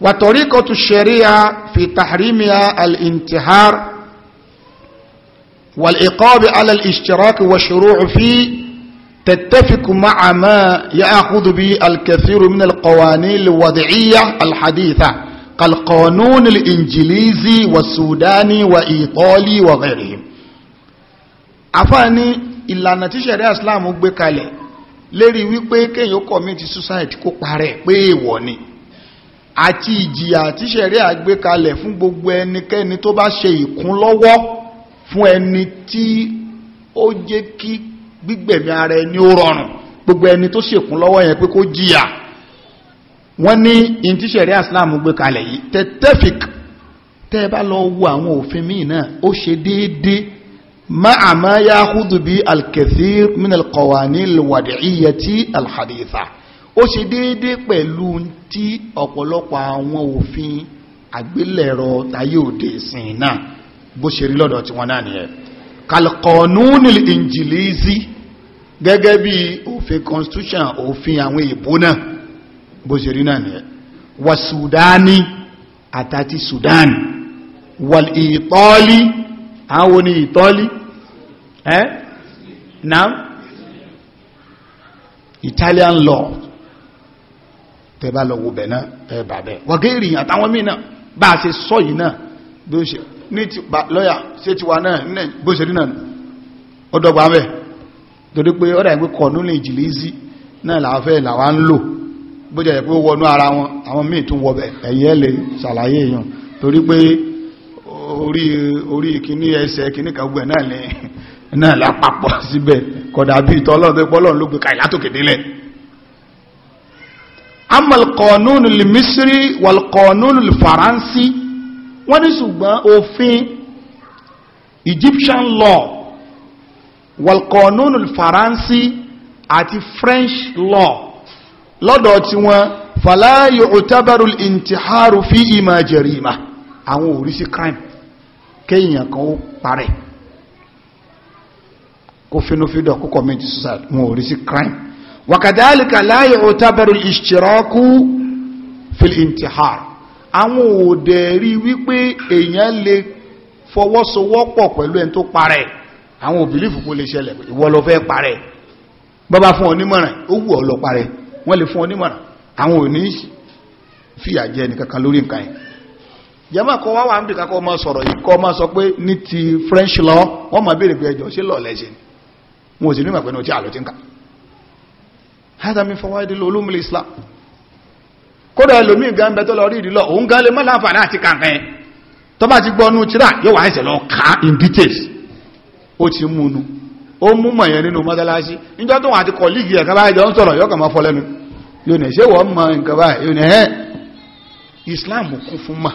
وطريقة الشريعة في تحريمها الانتحار والعقاب على الاشتراك والشروع فيه تتفق مع ما يأخذ به الكثير من القوانين الوضعية الحديثة كالقانون الإنجليزي والسوداني وإيطالي وغيرهم أفاني ìlànà tí ṣẹ̀rẹ́ islam gbé kalẹ̀ lérí wípé kéèyàn commit suicide kó parẹ́ pé èèwọ̀ ni àti ìjìyà tí ṣẹ̀rẹ́ àgbé kalẹ̀ fún gbogbo ẹnikẹ́ni tó bá ṣe ìkúnlọ́wọ́ fún ẹni tí ó jẹ́ kí gbígbẹ̀mí ara ẹni ó rọrùn gbogbo ẹni tó ṣèkún lọ́wọ́ yẹn pé kó jìyà wọ́n ní in tí ṣẹ̀rẹ́ islam gbé kalẹ̀ yìí tẹ́tẹ́fìk tẹ́ bá lọ wo àwọn òfin míì náà ó ṣe déédéé ma'a ma yakhudhu bi al-kathir min al-qawani al-wadi'iyyati al-haditha ó ṣe déédé pẹ̀lú tí ọ̀pọ̀lọpọ̀ àwọn òfin àgbélẹ̀rọ tayé òde ìsìn náà bó ṣe rí lọ́dọ̀ tí wọ́n náà nìyẹn injilizi gẹ́gẹ́ bí òfin constitution òfin àwọn ìbò náà bó ṣe rí náà nìyẹn wa sudani àtàti sudan wal itali àwọn wo ni ìtọ́lí ẹ́ Italian law tẹ́bá lọ́wọ́ bẹ̀ náà ẹ̀bà bẹ̀ wọ́gẹ́rì àtàwọn míì náà bá a ṣe sọ yìí náà bí ó ṣe ní ti lọ́yà ṣe ti wà náà ní bó ṣe rí náà ọdọ́gba mẹ́ torí pé ọ̀dà ìpé kọ̀nú lè jìlì sí náà làáfẹ́ làwá ń lò bó jẹ́ pé wọnú ara wọn àwọn míì tún wọ bẹ̀ ẹ̀yẹ́ lè ṣàlàyé èèyàn torí pé orí orí kìíní ẹsẹ̀ kìíní kàgbẹ̀ náà lẹ́ náà lápapọ̀ (laughs) síbẹ̀ kódà bí ìtọ́ ọlọ́run ló gbé ká ìlátòkè délẹ̀ amal lè misiri wal lè faransi wọ́n ní ṣùgbọ́n òfin egyptian law wal kọ̀ọ̀nùnù lè faransi àti french law lọ́dọ̀ tí wọ́n fàlàyé òtábàrù ìntìhárù fi ìmà jẹ̀rìmà àwọn orísí crime kéèyàn kan ó parẹ́ kó finúfidọ̀ kó commit suicide wọn ò rí sí crime wakadalika láyé òtábẹ̀rù ìṣirọ́kú filintihar àwọn òde rí wípé èèyàn lè fọwọ́sowọ́pọ̀ pẹ̀lú ẹni tó parẹ́ àwọn òbílífù kó lè ṣẹlẹ̀ ìwọ ló fẹ́ parẹ́ bàbá fún onímọ̀ràn ó wù ọ́ lọ parẹ́ wọ́n lè fún onímọ̀ràn àwọn ò ní fìyà jẹ ẹnìkankan lórí nǹkan yẹn jẹ́mọ́ kọ́ wá wà ń dìkà kọ́ ma sọ̀rọ̀ yìí ma sọ pé ní ti french law wọ́n ma béèrè pé ẹjọ́ sí lọ́ọ̀lẹ́ ṣe ni wọn ò sì ní ìmọ̀ pẹ̀lú tí àlọ́ ti ń kà hádà mi fọwọ́ ìdílé olómìnira islam kódà ẹlòmíì gan bẹ tó lọ rí ìdílọ òun gan lè mọ́ láǹfààní àti kàǹkan yẹn tó ti gbọ́ tíra yóò wá ẹsẹ̀ lọ ka in details ó ti mú nu ó mú mọ̀ yẹn nínú mọ́tálásí níjọ́ tó wọn àti kọ̀líìgì ẹ̀ kábàáyé jọ ń sọ̀rọ̀ yóò kàn máa fọ lẹ́nu yóò ní ṣé wọ́n mọ nǹkan báyìí yóò ní ẹ́ islam kún fún mọ́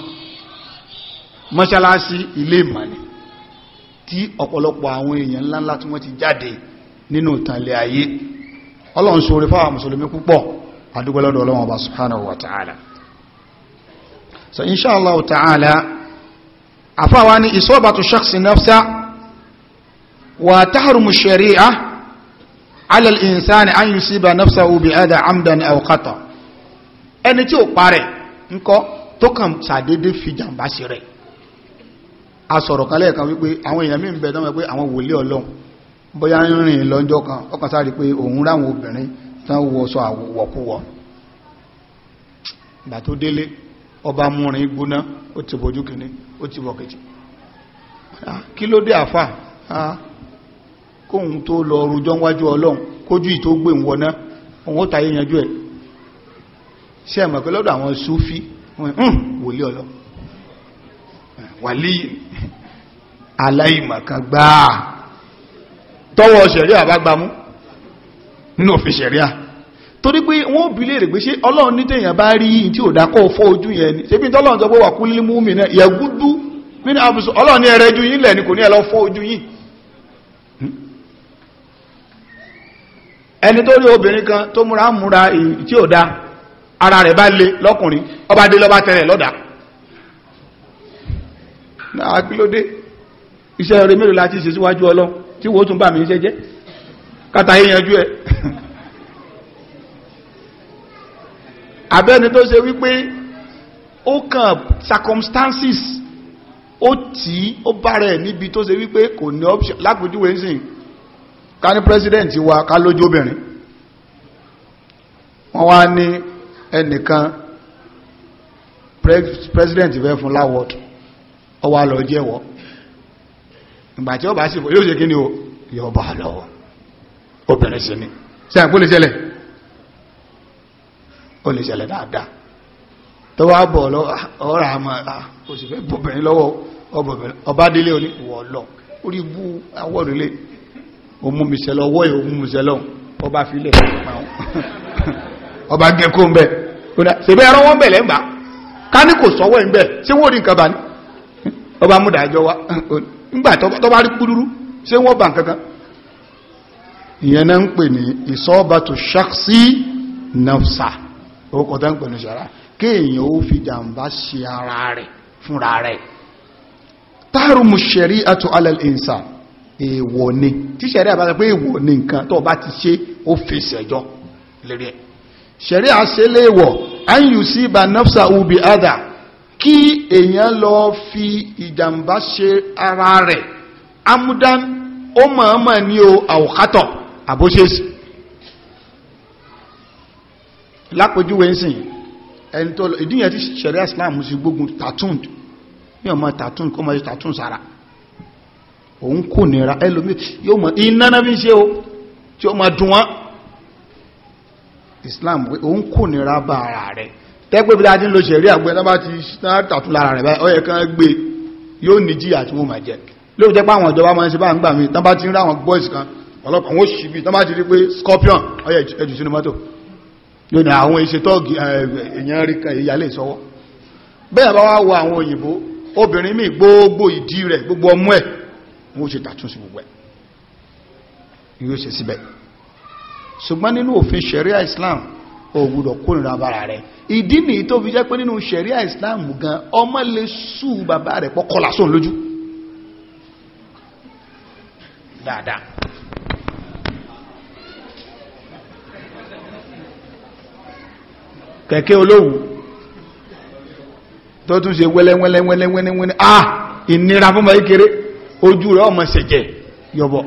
mọ́ṣáláṣí ilé ìmọ̀ni tí ọ̀pọ̀lọpọ̀ àwọn èèyàn ńláńlá tí wọ́n ti jáde nínú ìtànlẹ̀ ayé ọlọ́run ṣoore fáwọn mùsùlùmí púpọ̀ adúgbẹ́lọ́dọ̀ ọlọ́run ọba subhanahu wa ta'ala so inshallah ta'ala afáwa ni ìsọ́bàtú tó kàn sàdédé fi jàǹbá sí rẹ̀ a sọ̀rọ̀ kan lẹ́ẹ̀kan wípé àwọn èèyàn míì ń bẹ tán wípé àwọn wòlé ọlọ́run bóyá ń rìn lọ́jọ́ kan ọkàn sáré pé òun ráwọn obìnrin tán wọṣọ àwọ̀kúwọ̀ ìgbà tó délé ọba múrin gbóná ó ti bojú kìíní ó ti bọ̀ kejì ah, kí ló dé àfà ah, kóhun tó lọ rújọ́ wájú ọlọ́run kójú ì wàlí aláìmọ̀kan gbáà tọ́wọ́ ṣẹ̀ríà bá gbámú nínú òfin ṣẹ̀ríà torí pé wọ́n bí lè rè pé ṣé ọlọ́run ní tèèyàn bá rí yìí tí ò dákọ́ fọ́ ojú yẹn ni ṣé bí tọ́lọ́run sọ pé wà kú lílé múmi náà yẹgúdú nínú àbùsọ ọlọ́run ní ẹrẹ àkílódé iṣẹ́ rẹ̀ mélòó láti ṣe síwájú ọlọ́ tí wọ́n tún bà mí iṣẹ́ jẹ́ kàtà yíyanjú ẹ̀ (laughs) abẹ́ni tó ṣe wípé ó kàn circumstances ó tí ó bára ẹ̀ níbi tó ṣe wípé kò ní option lápòjúwe ń ká ní president wa ká lójú obìnrin wọ́n wá ní ẹnìkan president fẹ́ fún láwọ́dù ọwà lọ jẹ́wọ́ ìgbà tí ó bá sì fọ́ yóò ṣe kí ni o yóò bá lọ́wọ́ ó bẹ̀rẹ̀ sí ni ṣe àpò lè ṣẹlẹ̀ ó lè ṣẹlẹ̀ dáadáa tó wá bọ̀ lọ ah, ọ̀rọ̀ àmọ́ òṣìfẹ́ ah, bọ̀bẹ̀rin lọ́wọ́ ọba délé oní ìwọ̀ lọ orí bú awọ́rùlé òmùmìṣẹ́lọ ọwọ́ ìhòmùmìṣẹ́lọ (laughs) ọba filẹ̀ ọba gẹ́kọ́ ń bẹ̀ ṣe ẹran wọ́n bẹ̀ lẹ́mbà ká ní kò sọ́wọ́ ń bẹ̀ ṣé wọ́n rí nǹkan bá ní ọba múdàájọ́ wa nígbà tó bá rí kúdúrú ṣé wọ́n bà kankan ìyẹn náà ń pè ní ìsọ́ọ̀bàtò nafsa orúkọ tó ń pè ní ṣara kéèyàn ó fi jàǹbá ṣe ara ṣẹ̀rí àtò alẹ́ ìsà èèwọ̀ ni tí ṣẹ̀rí àbájá pé èèwọ̀ ni nǹkan tó bá ti ṣe ó fi ṣẹjọ́ lérí ẹ̀ ṣẹ̀rí nafsa ubi adha kí èèyàn lọ fi ìjàmbá ṣe ara rẹ̀ amúdán ó mọ̀ọ́mọ̀ ní o àwòkátọ̀ àbóṣeṣì lápòjúwe ń sìn ẹni tó lọ ìdíyàn tí ṣẹ̀rẹ́ islam sí gbógun tàtún ní ọmọ tàtún kó mọ̀ sí tàtún sára òun kò nira ẹlòmí yóò mọ̀ iná náà ṣe o tí ó mọ̀ dùn wọ́n islam òun kò nira bá ara rẹ̀ tẹ́gbẹ́ bí láti ń lo ṣẹ̀rí àgbẹ̀ tó bá ti tàtú lára rẹ̀ báyìí ọyẹ kan gbé yóò ní jìyà tí wọ́n máa jẹ ló jẹ́ àwọn ìjọba máa ń ṣe bá ń gbà mí tán bá ti ráwọn boys kan ọlọ́pàá wọn ṣì bí tán bá ti rí pé scorpion ọyẹ ẹjù sínú mọ́tò yóò ní àwọn iṣẹ́ tọ́ọ̀gì èèyàn rí kan ìyálé ìsọwọ́ bẹ́ẹ̀ bá wá wo àwọn òyìnbó obìnrin míì gbogbo ìdí rẹ̀ gbogbo ọmú ẹ̀ wọ́n ṣe tàtúnṣe gbogbo ẹ̀ yóò ṣe síbẹ̀ ṣùgbọ́n Islam o gbúdọ̀ kórìíra bára rẹ̀ ìdí nìyí tó fi jẹ́ pé nínú ṣẹ̀ríà islam gan ọmọ lè sú bàbá rẹ̀ pọ́ kọlà sóun lójú dáadáa kẹ̀kẹ́ olóhùn tó tún ṣe wẹ́lẹ́wẹ́lẹ́wẹ́lẹ́wẹ́lẹ́ ah ìnira fún bàbá kékeré ojú rẹ̀ ọmọ ṣẹ̀jẹ̀ yọ̀bọ̀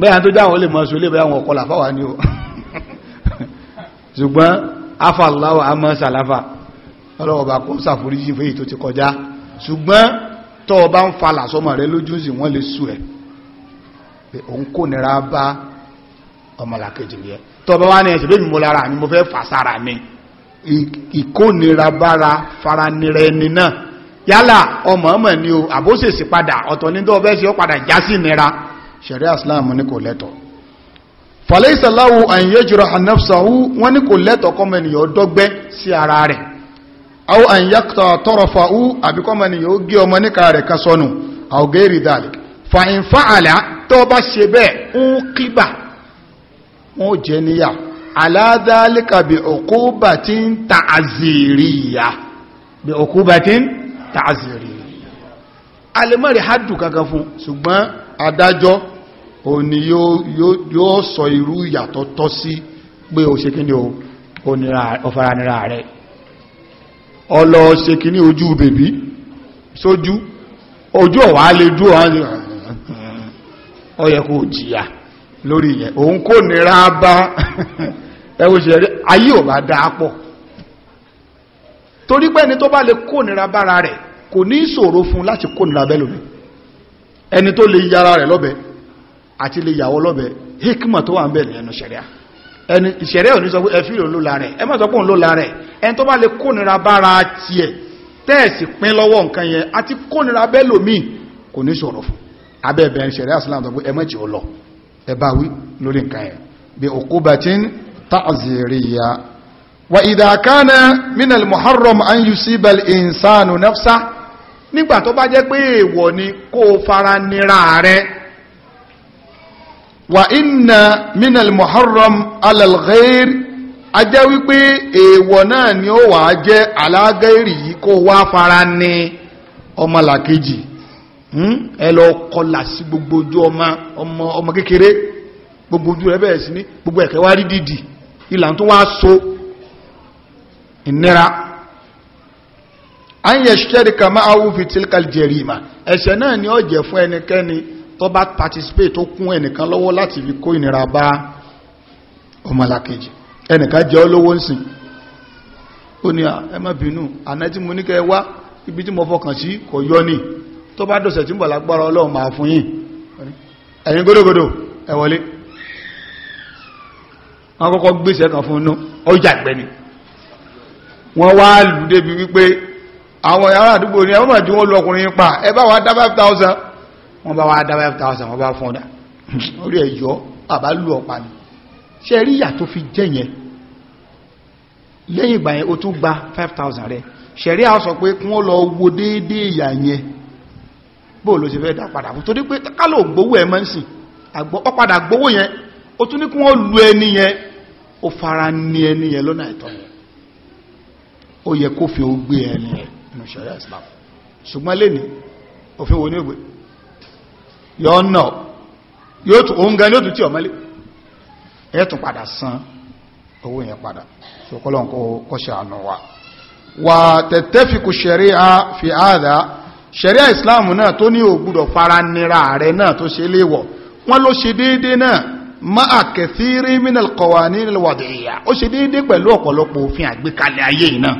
bẹ́ẹ̀ tó dáwọn olè mọ̀ ṣe bẹ́ẹ̀ àwọn ọ̀kọlà fáwà ní o (laughs) ṣùgbọ́n afàláwà a mọ́ sàláfà ọlọ́ọ̀bà kó sàforíjì fèyí tó ti kọjá ṣùgbọ́n tọ́ ọba ń falà sọmọ rẹ lójú sí wọ́n lè sù ẹ̀ pé òun kò nira bá ọmọlàkejì rẹ tọ́ ọba wá ní ẹ̀ṣẹ̀ bẹ́ẹ̀ mo lára ni mo fẹ́ fà sára mi ìkónira bára faranira ẹni náà yálà ọmọ ọmọ ni o àbóṣèṣì padà ọ̀tọ̀ ní tó ọbẹ̀ sí ọ padà já sí nira ṣẹ̀rí àsìláàmù ní kò lẹ́tọ̀ọ́ fàlẹ́sà láwù àyẹ́jùrọ̀ ànáfsàwù wọ́n ní kò lẹ́tọ̀ọ́ kọ́mọ ènìyàn dọ́gbẹ́ sí ara rẹ̀ àwọn àyẹ́kọ̀tọ̀ tọrọfàwù àbíkọ́mọ ènìyàn ó gé ọmọ níka rẹ̀ kan sọnù àwògẹ́rì dàlẹ̀ fàyínfà àlá tó bá ṣe bẹ́ẹ̀ ń kíbà wọ́n jẹ́ adájọ́ o ni yóò sọ irú ìyàtọ̀ tọ́ sí pé o ṣe kí o nira rẹ̀ ọlọ ṣe ní ojú bèbí sójú ojú ọ̀wà lè ọ ọyẹ kò jìyà lórí ìyẹn òun kò nira bá ẹwọ́ ṣe ayé ò bá dáa pọ̀ torí pé ẹni tó bá lè kò nira bára rẹ̀ kò ní ìṣòro fún láti kò nira ẹni tó lè yára rẹ̀ lọ́bẹ̀ẹ́ àti lè yàwó lọ́bẹ̀ hikmọ̀ tó wà ń bẹ̀rẹ̀ ẹnu ṣẹ̀rẹ̀ ẹni ìṣẹ̀rẹ̀ ò ní sọ pé ẹfí ló la rẹ̀ ẹ má sọ pé òun ló la rẹ̀ ẹni tó bá lè kónira bára tiẹ̀ tẹ́ẹ̀sì pín lọ́wọ́ nǹkan yẹn àti kónira bẹ́ẹ̀ lòmíì kò ní sọ̀rọ̀ fún abẹ́ ẹ̀bẹ̀ ìṣẹ̀rẹ̀ àsìláàmù sọ pé ẹ má jẹ́ wa idha kana min muharram an yusiba al-insanu nígbà tó bá jẹ́ pé èèwọ̀ ni kó fara nira rẹ̀ wà inna minal muharram alal ghair a jẹ́ wípé èèwọ̀ náà ni ó wà jẹ́ alágẹ́rì yìí kó wá fara ní ọmọlàkejì hmm? ẹ lọ kọlà sí gbogbo ojú ọmọ ọmọ kékeré gbogbo ojú rẹ̀ bẹ̀rẹ̀ sí ní gbogbo ẹ̀kẹ́ wá rí dìdì ìlà tó wá so ìnira an yashtarika ma'ahu fi tilkal jarima ẹ̀ṣẹ̀ náà ni ó jẹ́ fún ẹnikẹ́ni tó bá participate tó kún ẹnìkan lọ́wọ́ láti fi kó ìnira bá ọmọlàkejì ẹnìkan jẹ́ olówó ń sìn ó ní ẹ má bínú àná tí mo ní kẹ́ wá ibi tí mo fọkàn sí kò yọ ní tó bá dọ̀sẹ̀ tí ń bọ̀ lágbára ọlọ́run máa fún yín ẹ̀yin gódògódò ẹ àwọn ará àdúgbò ní ẹ má wọ́n lu ọkùnrin pa ẹ bá wa 5000 wọ́n bá wá dá 5000 wọ́n bá fún ọ̀dá (clears throat) orí ẹ̀yọ́ àbá lù ọ̀pá ni ṣe rí ìyà tó fi jẹ́ yẹn lẹ́yìn ìgbà yẹn ó tún gba 5000 rẹ̀ ṣẹ̀rí àwọn sọ pé kún ó lọ wo déédé ìyà yẹn bóò ló ṣe fẹ́ dá padà fún torí pé kálò gbówó ẹ̀ mọ́sì ọ padà gbówó yẹn ó ní òfin wo ní ògbé yọ nà yóò tún òun gan yóò tún tí ọmọlé ẹ tún padà san owó yẹn padà ṣòkọlọ́n kó ṣe àánú wa wà tẹ̀tẹ́ fi kò ṣẹ̀rí a fi àádá ṣẹ̀rí a islam náà tó ní ògbúdọ̀ fara nira rẹ̀ náà tó ṣe léwọ̀ wọ́n ló ṣe déédé náà ma a kẹsírí minal qawanil wad'iyya ó ṣe déédé pẹ̀lú ọ̀pọ̀lọpọ̀ òfin àgbékalẹ̀ ayé náà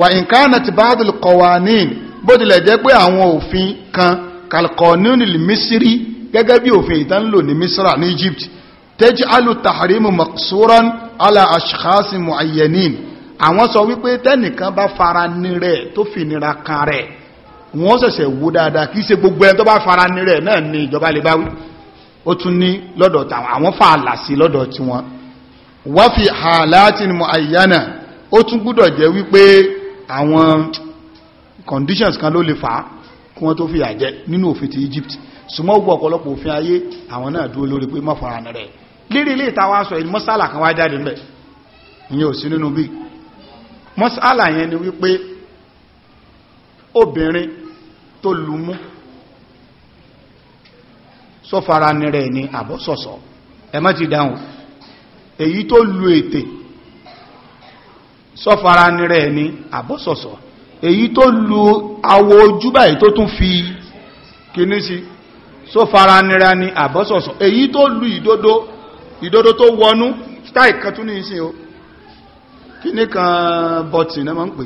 wà in kanat ba'd al qawanin bó tilẹ̀ jẹ́ pé àwọn òfin kan kalkonil misiri gẹ́gẹ́ bí òfin ìtàn lò ní misra ní egypt tẹ́jì alu tahrimu maksuran ala ashkhasi muayyanin àwọn sọ wípé tẹ́nìkan bá fara ní rẹ̀ tó fi nira kan rẹ̀ wọ́n ṣẹ̀ṣẹ̀ wó dáadáa kìí ṣe gbogbo ẹni tó bá fara ní rẹ̀ náà ni ìjọba lè báwí ó tún ní lọ́dọ̀ tàwọn àwọn fààlà sí lọ́dọ̀ tí wọ́n wá fi halatin muayyana ó tún gbúdọ̀ jẹ́ wípé àwọn conditions kan ló lè fàá kí wọ́n tó fi àjẹ́ nínú òfin ti Egypt súnmọ́ gbọ́ ọ̀pọ̀lọpọ̀ òfin ayé àwọn náà dúró lórí pé mọ́fàrán rẹ̀ lérí ilé ìta wá sọ ìlú mọ́sálà kan wá jáde mẹ́ ìyẹn ò sí nínú bí mọ́sálà yẹn ni wípé obìnrin tó lùmú sọ́fara ní rẹ̀ ní àbọ́sọ̀sọ̀ ẹ má ti dáhùn èyí tó lu ètè sọ́fara ní rẹ̀ ní àbọ́sọ̀sọ̀ èyí tó lu awọ ojú báyìí tó tún fi kíní sí so fara nira ni àbọ́sọ̀sọ̀ èyí tó lu ìdodo ìdodo tó wọnú style kan tún ní ìsìn o kíní kan bọ̀tì náà máa ń pè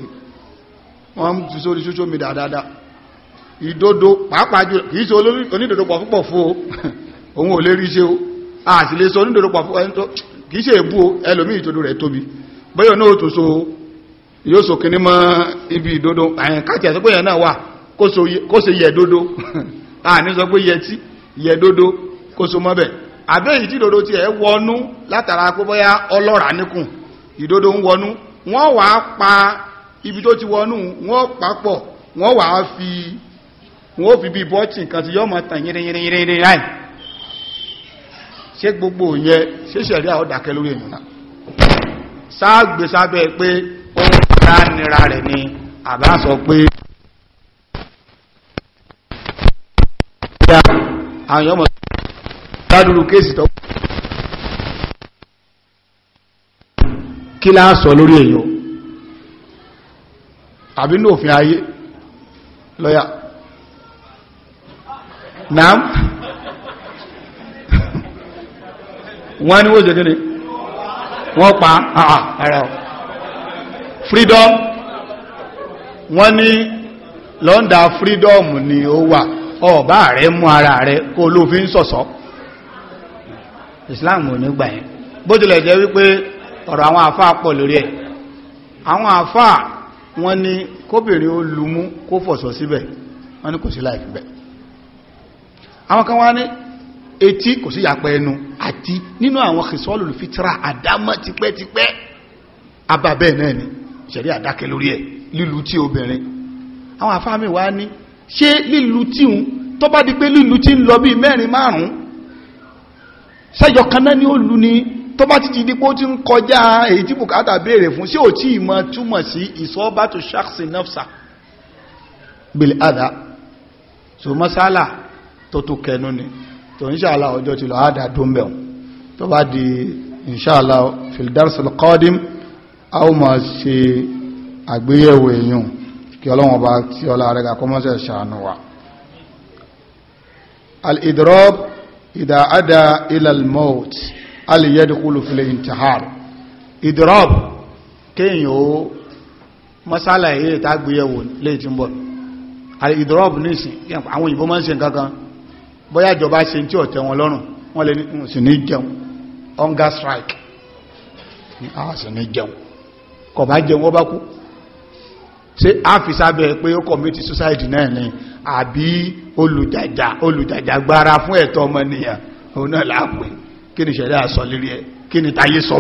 wọ́n ń ti sórí social media dáadáa ìdodo pàápàá jù kìí ṣe onídodo pọ̀ púpọ̀ fún o (laughs) òun ò lè rí ṣe o a lè sọ onídodo pọ̀ fún ẹni tó kìí ṣe èbú o ẹlòmíì ìdodo rẹ̀ tóbi bóyá náà ó tún so yóò sòkè ní mọ́ ibi ìdodo àyàn káàkiri àti pé èèyàn náà wà kó se yẹ dodo àní (laughs) sọ pé yẹ tí yẹ dodo kó so mọ́bẹ̀ àbẹ́ èyí tí dodo ti ẹ̀ wọnú látara pé bóyá ọlọ́ràá níkùn ìdodo ń wọnú wọ́n wà pa ibi tó ti wọnú wọ́n papọ̀ wọ́n wà á fi wọ́n fi bí bọ́tì kan ti yọ́mọ tàn yìnrìnyìnrìnyìn láì ṣé gbogbo yẹ ṣéṣẹ̀rí àwọn dàkẹ́ lórí ènìyàn nira rẹ̀ ni àbá sọ pé àwọn yọmọ dádúró kéèsì tó kí láàsọ lórí èyàn àbí ní òfin ayé lọ́yà naam wọ́n ni wó jẹ́ gẹ́ni wọ́n pa àà ẹ̀rọ freedom wọ́n ní lọ́ndà freedom ni ó wà ọ̀bá rẹ̀ mú ara rẹ̀ kó ló fi ń sọ̀sọ́ islam ò ní gbà yẹn bó tilẹ̀ jẹ́ wípé ọ̀rọ̀ àwọn àfáà pọ̀ lórí ẹ̀ àwọn àfáà wọ́n ní kóbìnrin ó lumú kó fọ̀sọ̀ síbẹ̀ wọ́n ní kò sí láì fìbẹ̀ àwọn kan wá ní etí kò sí yàpẹ̀ ẹnu àti nínú àwọn kìsọ́lù fitra àdámọ́ tipẹ́tipẹ́ abàbẹ́ náà ni ṣẹ̀rí àdákẹ́ lórí ẹ̀ lílù tí obìnrin àwọn àfáàmì wá ní ṣé lílù tí ń tó bá di pé lílù tí ń lọ bí mẹ́rin márùn-ún sẹ́jọ kan náà ni ó lù ní tó bá ti ti di pé ó ti ń kọjá èyí tí bùkátà béèrè fún sí òtí ìmọ̀ túmọ̀ sí ìsọ́bátò ṣáksì nafsa bèlè àdá so masala tó tó kẹnu ni tó inṣàlá ọjọ́ ti lọ àdá tó ń bẹ̀rún tó bá di inṣàlá fil dars al qadim a ó máa ṣe àgbéyẹ̀wò èèyàn kí ọlọ́wọ́n bá tí ọlá rẹ̀ kọmọ́sẹ̀ ṣàánú wa al-idrob ìdá adá ilalmout alìyẹ́dìkúlù fìlẹ̀ intihar idrob kéèyàn ó mọ́sálà èyí ìtàgbéyẹ̀wò léè tí ń bọ̀ al-idrob nísìn àwọn òyìnbó máa ń ṣe nǹkan kan bóyá ṣe tí ọ̀tẹ̀ wọn lọ́rùn wọ́n lè ní sí ní jẹun hunger strike ní àwọn sì ní jẹun kọ̀ bá jẹun ọba kú ṣe áfìsábẹ̀ pé ó kọ̀mítì society náà ni àbí olùjàjà olùjàjà gbára fún ẹ̀tọ́ ọmọnìyàn òun náà láàpẹ̀ kí ni ṣẹ̀dá sọ lérí ẹ kí ni táyé sọ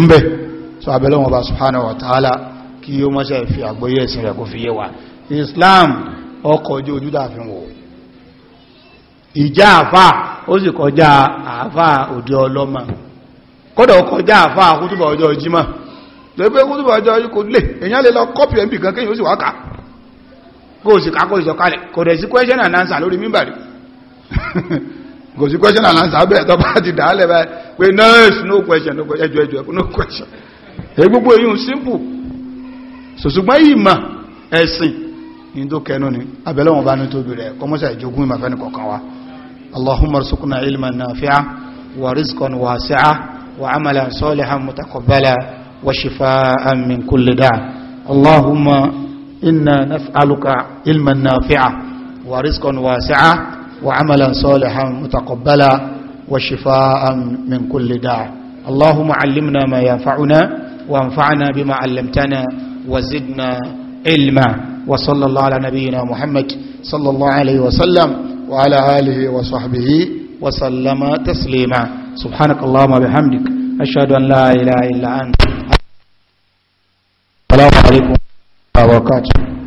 wa Islam ọkọ̀ ojú ojú dáàfin wò ìjà àfà ó sì kọjá àfà òde ọlọ́mọ kódà ó kọjá àfà àkútùbà ọjọ́ jímọ̀ lẹ́gbẹ́ kútùbù àjọyọ̀ kò lè èyàn lè lọ kọ́pì ẹ̀mí kan kéyìn ó sì wá ká kó sì ká kó ìsọ̀kalẹ̀ kò dẹ̀ sí question and answer lórí mímbàrí (laughs) kò sí question and answer bẹ́ẹ̀ tó bá ti dà á no question no question no rẹ̀ wa وشفاء من كل داء اللهم إنا نسألك علما نافعا ورزقا واسعا وعملا صالحا متقبلا وشفاء من كل داء اللهم علمنا ما ينفعنا وانفعنا بما علمتنا وزدنا علما وصلى الله على نبينا محمد صلى الله عليه وسلم وعلى آله وصحبه وسلم تسليما سبحانك اللهم وبحمدك أشهد أن لا إله إلا أنت السلام عليكم ورحمة الله وبركاته